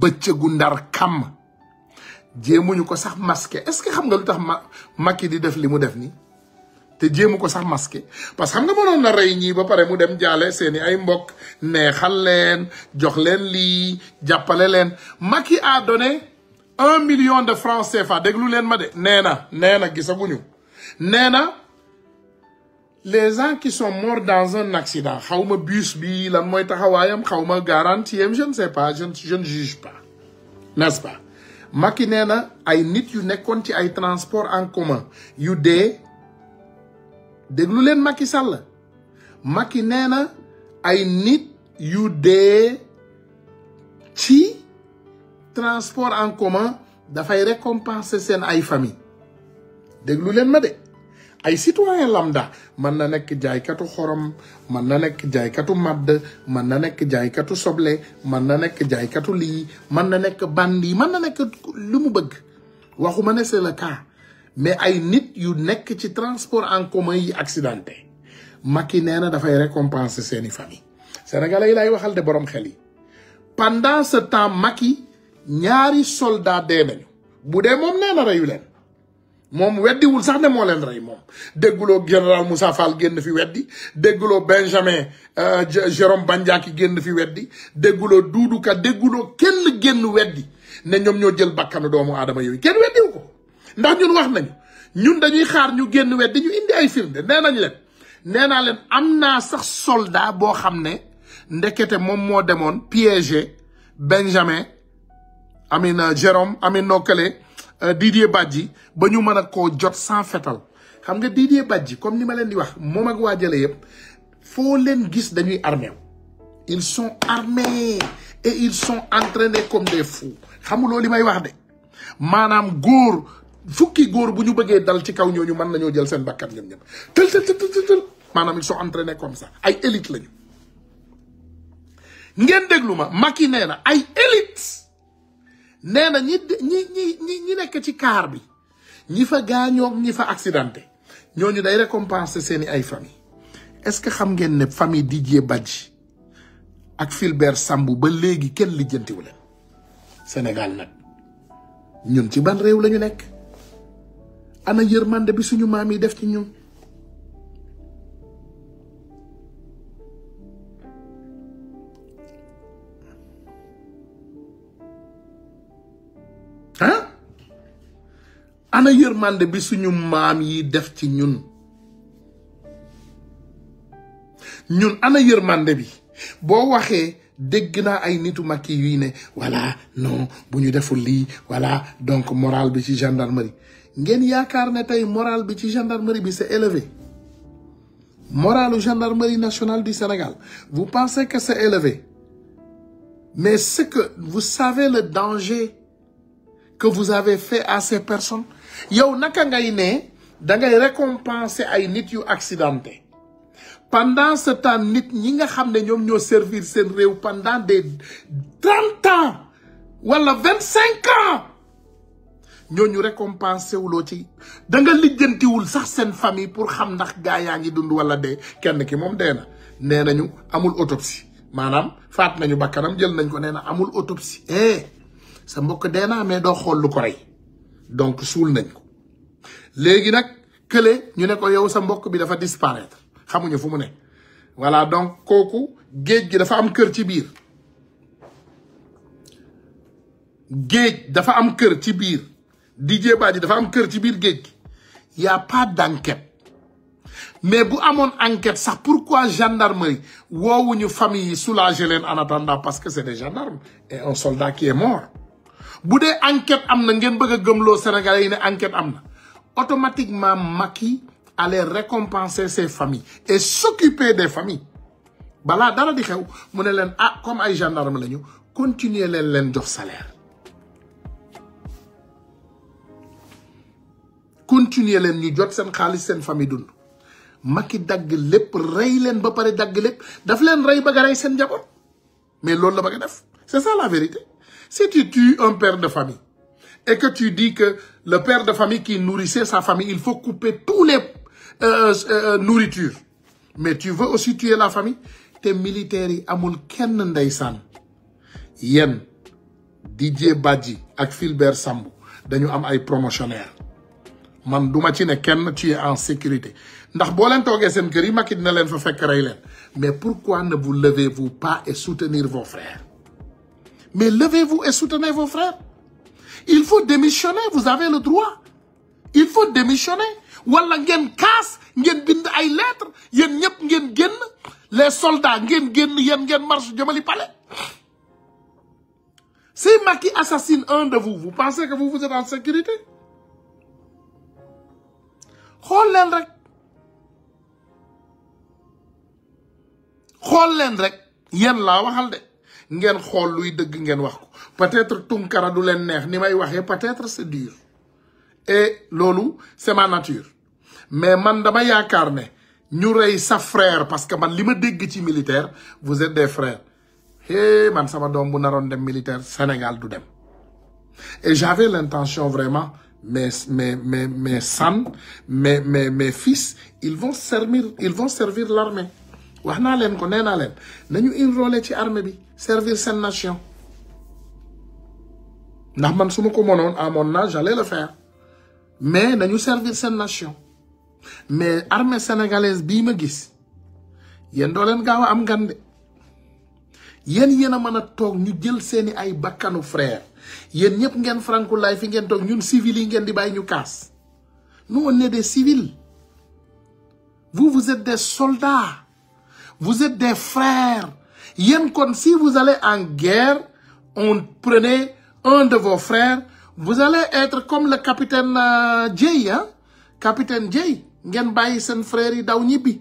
Gundar kam masqué est-ce que xam nga te jéemu ko sax masqué parce que xam nga non na ray ñi ba paré mu dem jalé seeni ay mbokk neexal leen jox leen li jappalé leen Macky a donné un million de francs CFA déglu leen ma de néna néna nee na gisaguñu les gens qui sont morts dans un accident xawma ma bus bi lan moy taxawayam xawma garantie je ne sais pas je je ne juge pas n'est-ce pas Macky néna ay nit yu nekkon ci ay transport en commun yu dé déglu leen Macky Sall Macky nee na ay nit yu dee ci transport en commun dafay récompenser seen ay famille déglu leen ma de ay citoyen lambda mën na nekk jaaykatu xorom mën na nekk jaaykatu madd mën na nekk jaaykatu soble mën na nekk jaaykatu lii mën na nekk bandi mën na nekk lu mu bëgg waxuma ne c'est le cas mais ay nit yu nekk ci transport en commun yi accidenté Macky nee na dafay récompenser seeni famille sénégalais yi lay waxal de boroom xel yi pendant ce temps Macky ñaari soldat nañu bu dee moom nee na reyu leen moom weddiwul sax ne moo leen rey moom dégguloo général Moussa Fall génn fi weddi dégguloo Benjamin euh, Jérôme Bandiaki génn fi weddi dégguloo Doudou Ka dégguloo kenn génn weddi ne ñoom ñoo jël bakkanu doomu aadama yooyu kenn weddi ndax ñun wax nous ñun dañuy xaar ñu génn wet dañu indi ay nous nee leen nee leen am sax soldat boo xam ne ndekete moom piégé Benjamin amin Jérôme amin nokkale euh, Didier Badji ba ñu mën a jot sans fetal xam nga Didier Badji comme ni leen di wax moom ak waa jële yëpp leen gis dañuy armé ils sont armés et ils sont entraînés comme des fous xamuloo li may wax de maanaam góor fukki góor bu ñu bëggee dal ci kaw ñooñu man nañoo jël seen bakkan ñoom ñëpp tël tël tël tël maanaam ils sont entraînés comme ça ay élite lañu ngeen déglu ma Macky nee na ay élite nee na ñi ñi ñi ñi nekk ci kaar bi ñi fa gaañoog ñi fa accidenté ñooñu day récompenser seeni ay famille est-ce que xam ngeen ne famille Didier Badji ak Fulbert Sambou ba léegi kenn lijjantiwu leen Sénégal nag ñun ci ban réew lañu nekk ana yërmande bi suñu maam yi def ci ñun ah bi suñu maam yi def ci ñun ñun ana yërmande bi boo waxee dégg naa ay nitu Macky yuy ne voilà non bu ñu deful lii voilà donc moral bi ci gendarmerie ngén yaakaar ne moral bi ci gendarmerie bi c'est élevé du gendarmerie nationale du Sénégal vous pensez que c'est élevé mais ce que vous savez le danger que vous avez fait à ces personnes yow naka ngay né da ngay récompenser ay nit yu accidenté pendant ce temps nit ñi nga xamné ne ñoo servir sen réew pendant des trente ans wala vingt ans ñooñu récompensé ulo ci da nga wul sax sen famille pour xam ndax gaaya ngi dund wala dee kenn ki mom na amul autopsie manam fat nañu bakkanam jël nañ ko amul autopsie eh sa mbokk dee hollo mais do xol lu ko ray donc sul nañ ko léegi nak kële ñu ne ko yow sa mbokk bi dafa disparaître xamuñu fu mu ne voilà donc koku geej gi dafa am kër ci biir geej dafa am kër ci biir Didier Badji dafa am kër ci biir y' a pas d'enquête. Mais mais bu amoon enquête ça pourquoi gendarmerie une famille sous soulager leen en attendant parce que c'est des gendarmes et un soldat qui est mort bu dee enquête am na ngeen bëgg a gëmloo Sénégalais yi ne enquête am automatiquement Macky allait récompenser ses familles et s'occuper des familles balaa dara di xew mu ne leen ah comme ay gendarmes, lañu continuer leen leen jox salaire. continuer les ñu jot sen xaalis sen famille dund maki dag lepp ray len ba pare dag lepp daf len ray ba nga rey seen mais loolu la baga def c'est ça la vérité si tu tues un père de famille et que tu dis que le père de famille qui nourrissait sa famille il faut couper tous les euh, euh, euh nourritures mais tu veux aussi tuer la famille Tes militaires yi amul kenn ndeysaan yéen Didier Badji Et Philbert Sambou dañu am ay promotionnaires man ne ci ne kenn tu es en sécurité ndax bo len togué sen kër yi dina len fa fekk mais pourquoi ne vous levez-vous pas et soutenir vos frères mais levez-vous et soutenez vos frères il faut démissionner vous avez le droit il faut démissionner wala ngeen kaas ngeen bind ay lettres yéen ñep ngeen genn les soldats ngeen genn yéen ngeen marche jëmali palais si Maki assassine un de vous vous pensez que vous êtes en sécurité xool leen rek xool leen rek yéen laa waxal de ngeen xol luy dëgg ngeen wax ko peut-être tunkara du leen neex ni may peut-être c'est dur et lolu c'est ma nature mais man dama yaakaar ne ñu rey sa frère parce que man li ma dégg ci militaire vous êtes des frères hé man sama doom bu naroon dem militaire Sénégal du dem et j'avais l'intention vraiment mes, mes, mes, mes sons, mes, mes, mes fils, ils vont servir, ils vont servir l'armée. wax len ko nena Nous ils enrôler ci armée bi servir cette nation ndax man ko à mon âge j'allais le faire mais servir cette nation mais armée sénégalaise elle ma gis do len gawa am gande ay yen ñep ngeen frankulaay fi ngeen tok ñun civil ngeen di bay ñu kaas nous on est des civils vous vous êtes des soldats vous êtes des frères yen kon si vous allez en guerre on prenait un de vos frères vous allez être comme le capitaine euh, J, hein capitaine Dieye ngeen bàyyi sen frères yi daw ñibi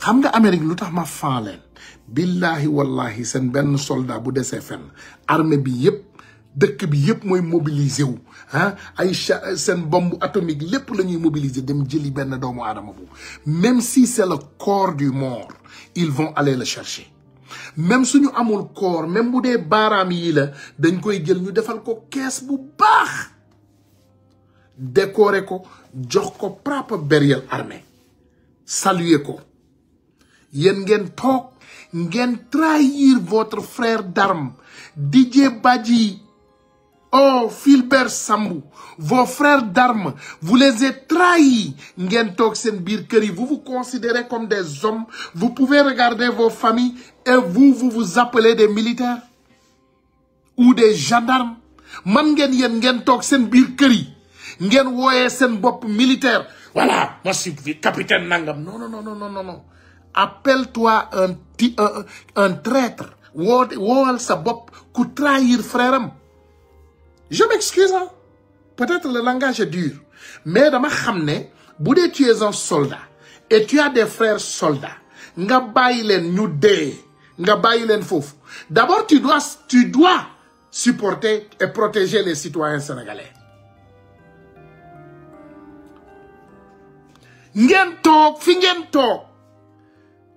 xam nga Amérique lutax ma faa Billahi wallahi sen ben soldat bu desee fenn armée bi yëpp dëkk bi yëpp moy mobiliser wu hein ay sen bombe atomique lépp lañuy mobiliser dem jëli ben doomu adama bu même si c'est le corps du mort ils vont aller le chercher même suñu amul corps même bu dee baram yi la dañ koy jël ñu defal ko caisse bu baax décorer ko jox ko propre burial armée saluer ko yen ngeen tok ngen trahir votre frère d'armes DJ Badji oh Philbert Sambou vos frères d'armes vous les avez trahis Ngen toksen Birkeri, vous vous considérez comme des hommes vous pouvez regarder vos familles et vous vous vous appelez des militaires ou des gendarmes man ngen yen ngen toog seen biir militaire voilà moi je suis capitaine nangam non non non non non non appelle-toi un, traître. Je m'excuse. Hein. Peut-être le langage est dur. Mais dans ma si tu es un soldat et tu as des frères soldats, nga dé, nga les fofu. D'abord, tu dois, tu dois supporter et protéger les citoyens sénégalais. tok,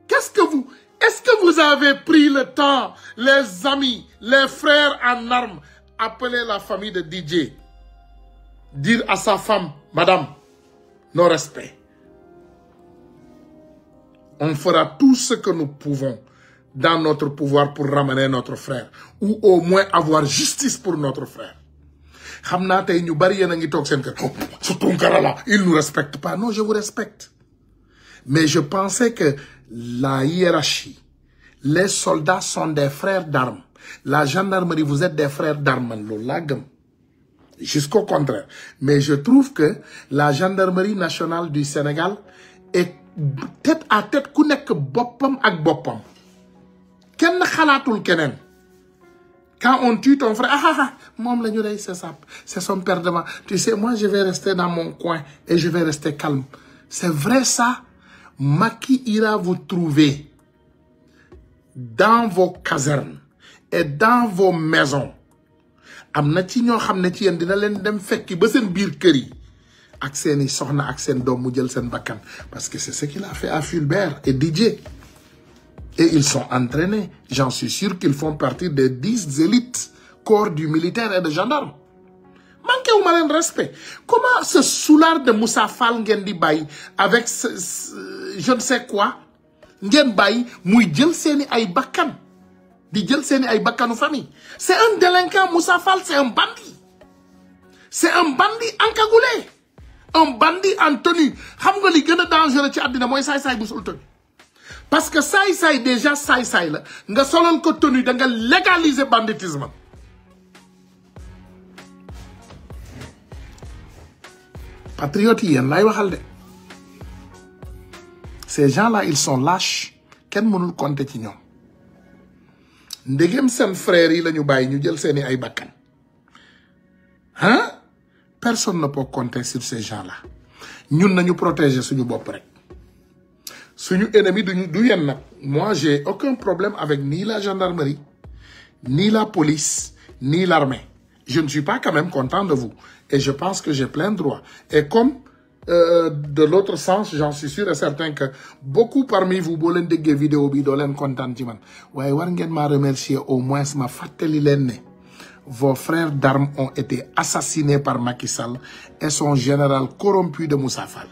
Qu'est-ce que vous... Est-ce que vous avez pris le temps, les amis, les frères en armes, appeler la famille de DJ, dire à sa femme, Madame, nos respects. On fera tout ce que nous pouvons dans notre pouvoir pour ramener notre frère ou au moins avoir justice pour notre frère. Oh, il ne nous respecte pas. Non, je vous respecte. Mais je pensais que la hiérarchie. Les soldats sont des frères d'armes. La gendarmerie, vous êtes des frères d'armes. Jusqu'au contraire. Mais je trouve que la gendarmerie nationale du Sénégal est tête à tête ak quand on tue ton frère ah ah, ah c'est ça c'est son perdement tu sais moi je vais rester dans mon coin et je vais rester calme c'est vrai ça. « Ma qui ira vous trouver dans vos casernes et dans vos maisons ci ñoo ci dina dem fekki ba seen biir kër parce que c'est ce qu'il a fait à Fulbert et Didier et ils sont entraînés j'en suis sûr qu'ils font partie des dix élites corps du militaire et de gendarmes manqué wu malin respect comment ce soulard de Moussa Fall ngeen di avec je ne sais quoi ngeen Baye mouy jël seeni ay bakkan di jël seeni ay bakkanu famille c'est un délinquant Moussa Fall c'est un bandit c'est un bandit en encagoulé un bandit en tenue xam nga li gëna a dangereux ci adina moy say say bu sul tenue parce que say say déjà say say la nga solal ko tenue da nga légaliser banditisme patriotes yen lay waxal de ces gens-là ils sont lâches ken mënul compter ci ñom ndegem seen frères yi lañu ils ñu jël seeni ay bakkan Hein? personne ne peut compter sur ces gens-là ñun nañu protéger suñu bop rek suñu ennemi duñu du yenn nak moi j'ai aucun problème avec ni la gendarmerie ni la police ni l'armée je ne suis pas quand même content de vous. Et je pense que j'ai plein de droit. Et comme euh, de l'autre sens, j'en suis sûr et certain que beaucoup parmi vous, vidéo bi content. ci remercier au moins ma fateli vos frères d'armes ont été assassinés par Macky Sall et son général corrompu de Moussa Fall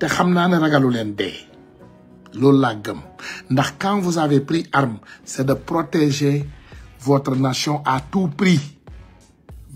te ragalu quand vous avez pris arme c'est de protéger votre nation à tout prix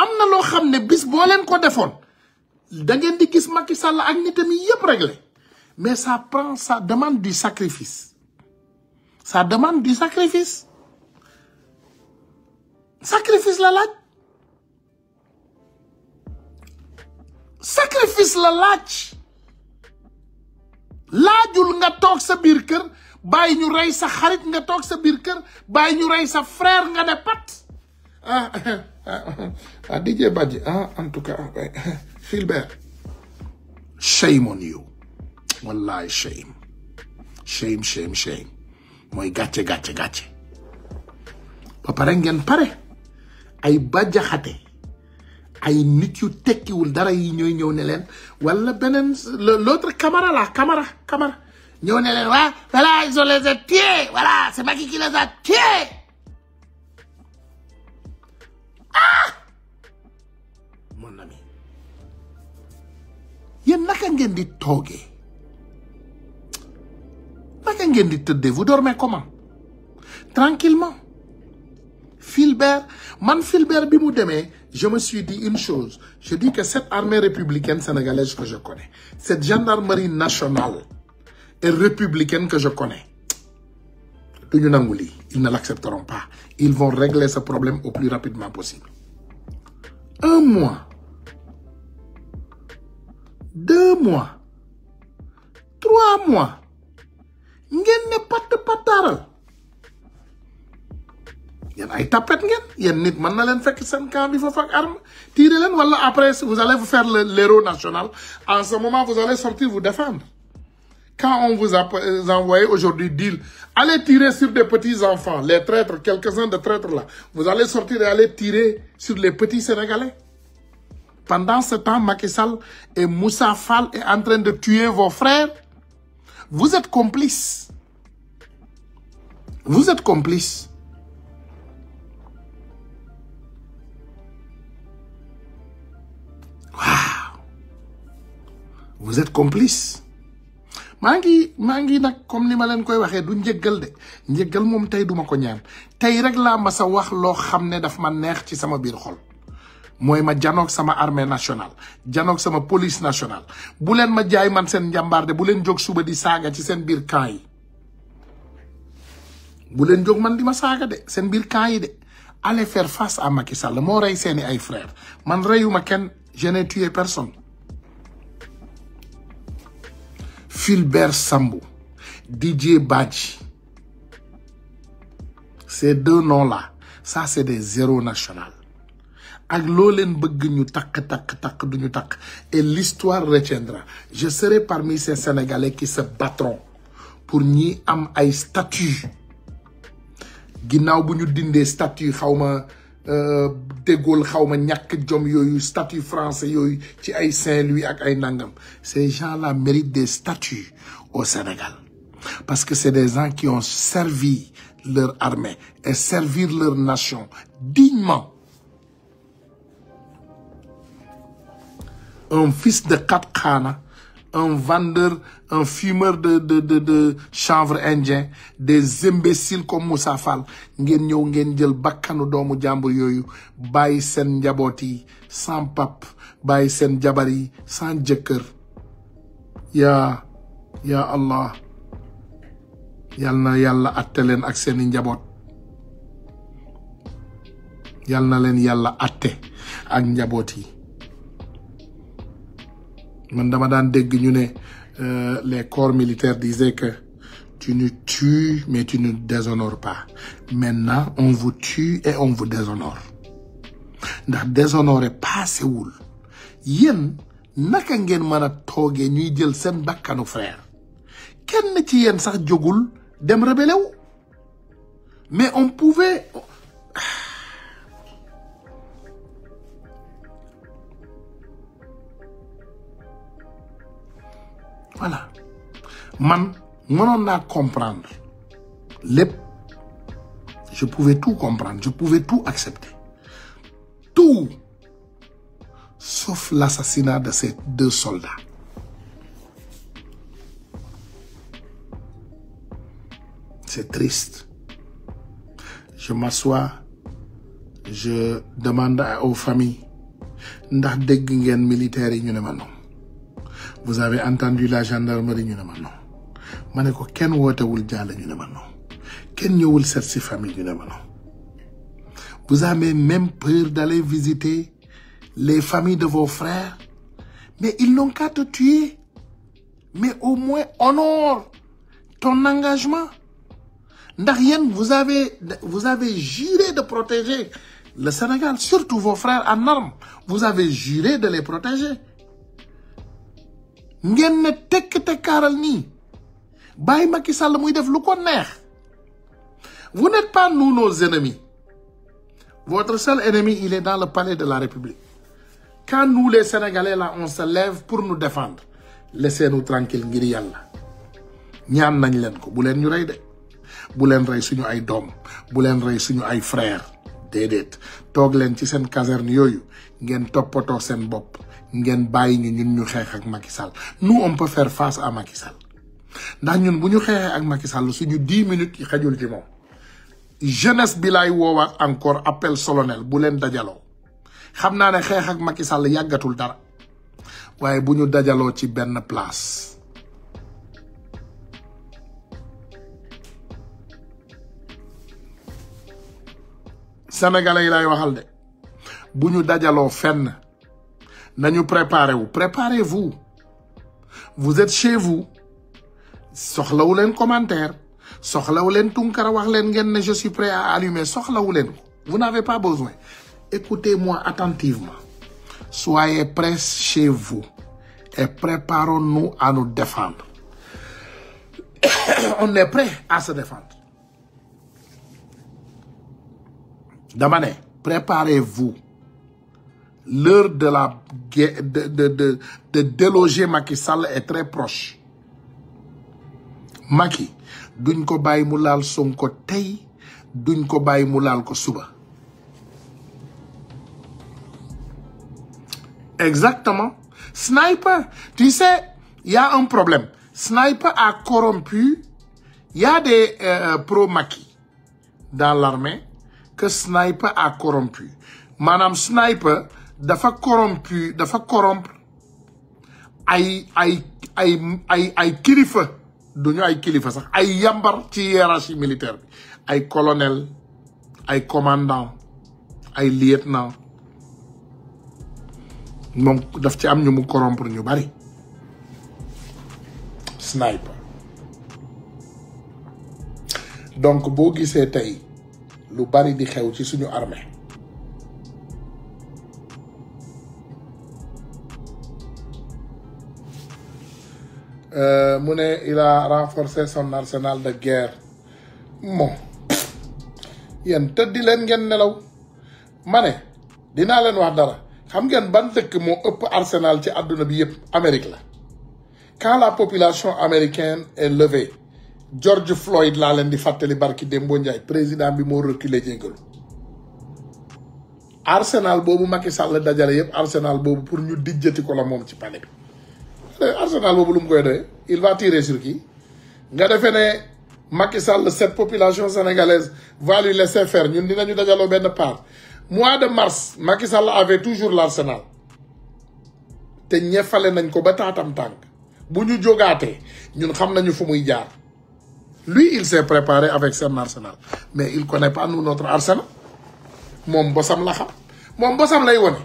amna lo xamne ne bis bo len ko defone da ngeen di gis Macky Sall ak nitami yi régler mais ça prend ça demande du sacrifice ça demande du sacrifice sacrifice la laaj sacrifice la laaj laajul nga tok sa bir keur bay ñu ray sa xarit nga tok sa bir keur bay ñu ray sa frère nga ne pat ah, ah, ah DJ Badji ah en tout cas eh, Philbert shame on you Wallahi shame shame shame shame Moi gache gache. Papa rengen pare ngeen badja, ay ay nit yu tekkiwul dara yi nyo nyo ne Wallah wala l'autre Camara la Camara Camara Nyo ne leen voilà ils ont les pieds. voilà c'est ma qui les a tués mon ami Yen naka ngeen di naka ngeen di teudé? vous dormez comment tranquillement Filbert, man Filbert, bi je me suis dit une chose je dis que cette armée républicaine sénégalaise que je connais cette gendarmerie nationale et républicaine que je connais ils ne l'accepteront pas ils vont régler ce problème au plus rapidement possible un mois deux mois trois mois ngeen ne pas te pataral. Il y a des nit mën na leen fekk seen camp bi fa arme tirez wala après vous allez vous faire l'héros national en ce moment vous allez sortir vous défendre quand on vous a envoyé aujourd'hui deal, allez tirer sur des petits enfants, les traîtres, quelques-uns de traîtres là, vous allez sortir et aller tirer sur les petits Sénégalais. Pendant ce temps, Macky Sall et Moussa Fall est en train de tuer vos frères. Vous êtes complices. Vous êtes complices. Waouh. Vous êtes complices. Mangi, Mangi nak comme ni ma leen koy waxe du njëggal de njëggal mom tay duma ko ñaan tay rek la mas a wax lo xam daf ma neex ci sama bir xol moy ma janoog sama armée nationale janoog sama police nationale bu leen ma jaay man sen njàmbaarde bu leen jóg suba di saga ci sen bir camp yi bu leen jóg man di ma saga de sen bir camp yi de aller faire face à Macky Sall mo rey sen ay frère man reyuma ken je n'ai tué personne Filbert Sambou DJ Badji ces deux noms là ça c'est des zéros nationaux ak lo leen bëgg ñu tak tak tak duñu tak et l'histoire retiendra je serai parmi ces sénégalais qui se battront pour ñi am ay statut ginnaaw buñu dindé dindee statut xaw ma euh, de Gaulle xaw jom yoyu statut français yoyu ci ay Saint-Louis ak ay nangam ces gens-là méritent des statues au Sénégal parce que c'est des gens qui ont servi leur armée et servir leur nation dignement un fils de Katkana, un vendeur, un fumeur de, de, de, de chanvre indien, des imbéciles comme Moussa Fall, ngeen ñëw ngeen jël bakkanu doomu jàmbur yooyu bàyyi seen njaboot sans pap bàyyi sen jabar yi sans jëkkër ya yaa allah yal na yàlla atte leen ak seeni njaboot yal na leen yàlla atte ak njaboot man dama daan dégg euh, les corps militaires disaient que tu ne tues mais tu ne déshonores pas maintenant on vous tue et on vous déshonore ndax pas paasewul yéen naka ngeen mën a toogee ñuy jël seen bakkanu frère kenn ci yéen sax jógul dem rebelle mais on pouvait voilà man on comprendre les. je pouvais tout comprendre je pouvais tout accepter tout sauf l'assassinat de ces deux soldats c'est triste je m'assois je demande aux familles ndax vous avez entendu la gendarmerie ñu ne ko famille vous avez même peur d'aller visiter les familles de vos frères mais ils n'ont qu'à te tuer mais au moins honore ton engagement ndax vous avez vous avez juré de protéger le Sénégal surtout vos frères en armes vous avez juré de les protéger ne def vous n'êtes pas nous nos ennemis votre seul ennemi il est dans le palais de la République quand nous les Sénégalais là on se lève pour nous défendre laissez-nous tranquille ngir yàlla ñaan nañ leen ko bu leen ñu rey bu leen ay bu suñu ay frère déedéet toog ci seen caserne yooyu ngeen bàyyi ñu ñun ñu xeex ak Macky Sall nous on peut faire face à Macky Sall ndax ñun bu ñu xeexee ak Macky Sall suñu 10 minutes yi xajul ci moom jeunesse bi lay woowaat encore appel solennel bu leen dajaloo xam naa ne xeex ak Macky Sall yàggatul dara waaye bu ñu dajaloo ci benn place sénégalais yi laay waxal de bu ñu dajaloo fenn nous préparez préparez-vous vous êtes chez vous soxlawu commentaire Tunkara wax je suis prêt à allumer vous n'avez pas besoin écoutez-moi attentivement soyez prêts chez vous et préparons-nous à nous défendre on est prêt à se défendre Damane, préparez-vous l'heure de, la, de, de, de, de déloger Macky Sall est très proche Macky duñ ko baye mu laal Sonko tay, duñ ko baye mu laal ko suba exactement Sniper tu sais il y a un problème Sniper a corrompu il y a des euh, pro Macky dans l'armée que Sniper a corrompu Madame Sniper dafa corrompu dafa corrompre ay ay ay ay ay kilifa duñu ay kilifa sax ay yambar ci hiérarchie militaire bi ay colonel ay commandant ay lieutenant moom daf ci am ñu mu corrompre ñu bari sniper donc boo gisee tey lu bari di xew ci suñu armée Euh, mu ne il a renforcé son arsenal de guerre moom yéen tëddi leen ngeen nelaw ma ne dinaa leen wax dara xam ngeen ban dëkk moo ëpp arsenal ci àdduna bi yëpp Amérique la quand la population américain est levée George Floyd laa leen di fàttali barki Dembo Ndiaye président bi moo reculé jégalu arsenal boobu Macky Sall dajale yëpp arsenal boobu pour ñu dijjati ko la moom ci palais Euh, arsenal bobu lu koy il va tirer sur qui nga defee ne Macky Sall cette population sénégalaise va lui laisser faire ñun dinañu dajalo benn part mois de mars Macky Sall avait toujours l'Arsenal te ñefale nañ ko ba tatam tank buñu jogaté ñun xam nañu fu muy jaar lui il s'est préparé avec son Arsenal mais il connaît pas nous notre Arsenal moom bosam la xam moom bosam lay wone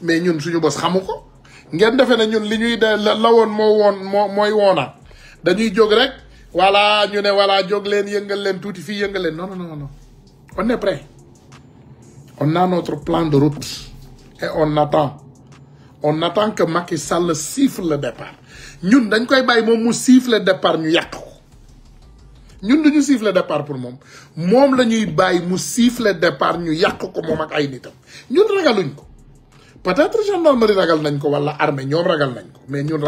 mais ñun suñu bos xamu ko ngeen defee ne ñun li ñuy de la woon moo woon moo mooy woonaat dañuy jóg rek voilà ñu ne voilà jóg leen yëngal leen tuuti fii yëngal leen non non non on est prêt on a notre plan de route et on attend on attend que Macky Sall siffle le départ ñun dañ koy bàyyi moom mu siffle départ ñu yàq ko ñun duñu siffle départ pour moom moom la ñuy bàyyi mu siffle départ ñu yàq ko moom ak ay nitam ñun ragaluñ ko. peut-être ragal mais ñun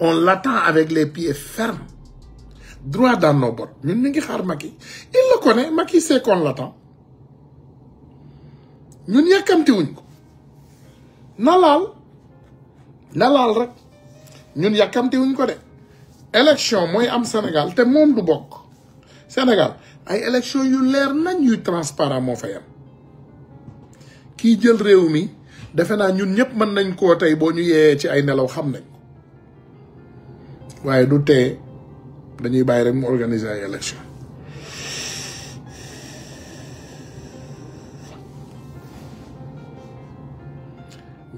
on l'attend avec les pieds fermes droit dans nos bords. ñun ñi Macky il le connaît Macky sait qu'on l'attend ñun wuñ ko na Nalal, rek ñun wuñ ko de élection moy am Sénégal té mom du Sénégal ay élection yu lèr nañ yu transparent kii jël réew mi defe naa ñun ñëpp mën nañ koo tey boo ñu yeeyee ci ay nelaw xam ne waaye du tee dañuy bàyyi rek mu organiser ay élection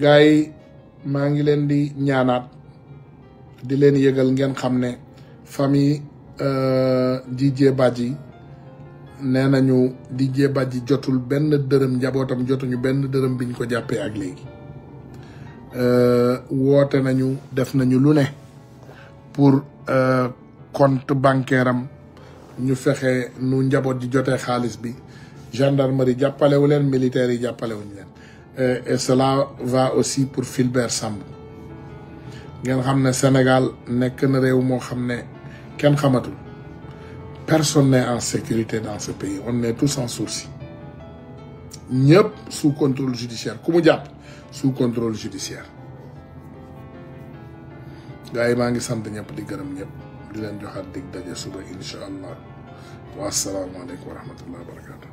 gars yi maa ngi leen di ñaanaat di leen yëgal ngeen xam ne famille euh, Didier Badji nee nañu Didier Badji jotul benn dërëm njabootam jotuñu benn dërëm biñ ko jàppee ak léegi euh, woote nañu def nañu lu ne pour euh, compte bancaire am ñu fexe nu njaboot ji jotee xaalis bi gendarmerie jàppalewu leen militaires yi jàppalewuñu leen euh, et cela va aussi pour Fulbert Sambou ngeen xam ne Sénégal nekk na réew moo xam ne kenn xamatul Personne n'est en sécurité dans ce pays. On est tous en souci. Nyep sous contrôle judiciaire ku sous contrôle judiciaire gars mangi maa ngi sant ñëpp di gërëm ñëpp di leen joxaat dig daje suba inshallah. allah wa wa rahmatullah wa barakatu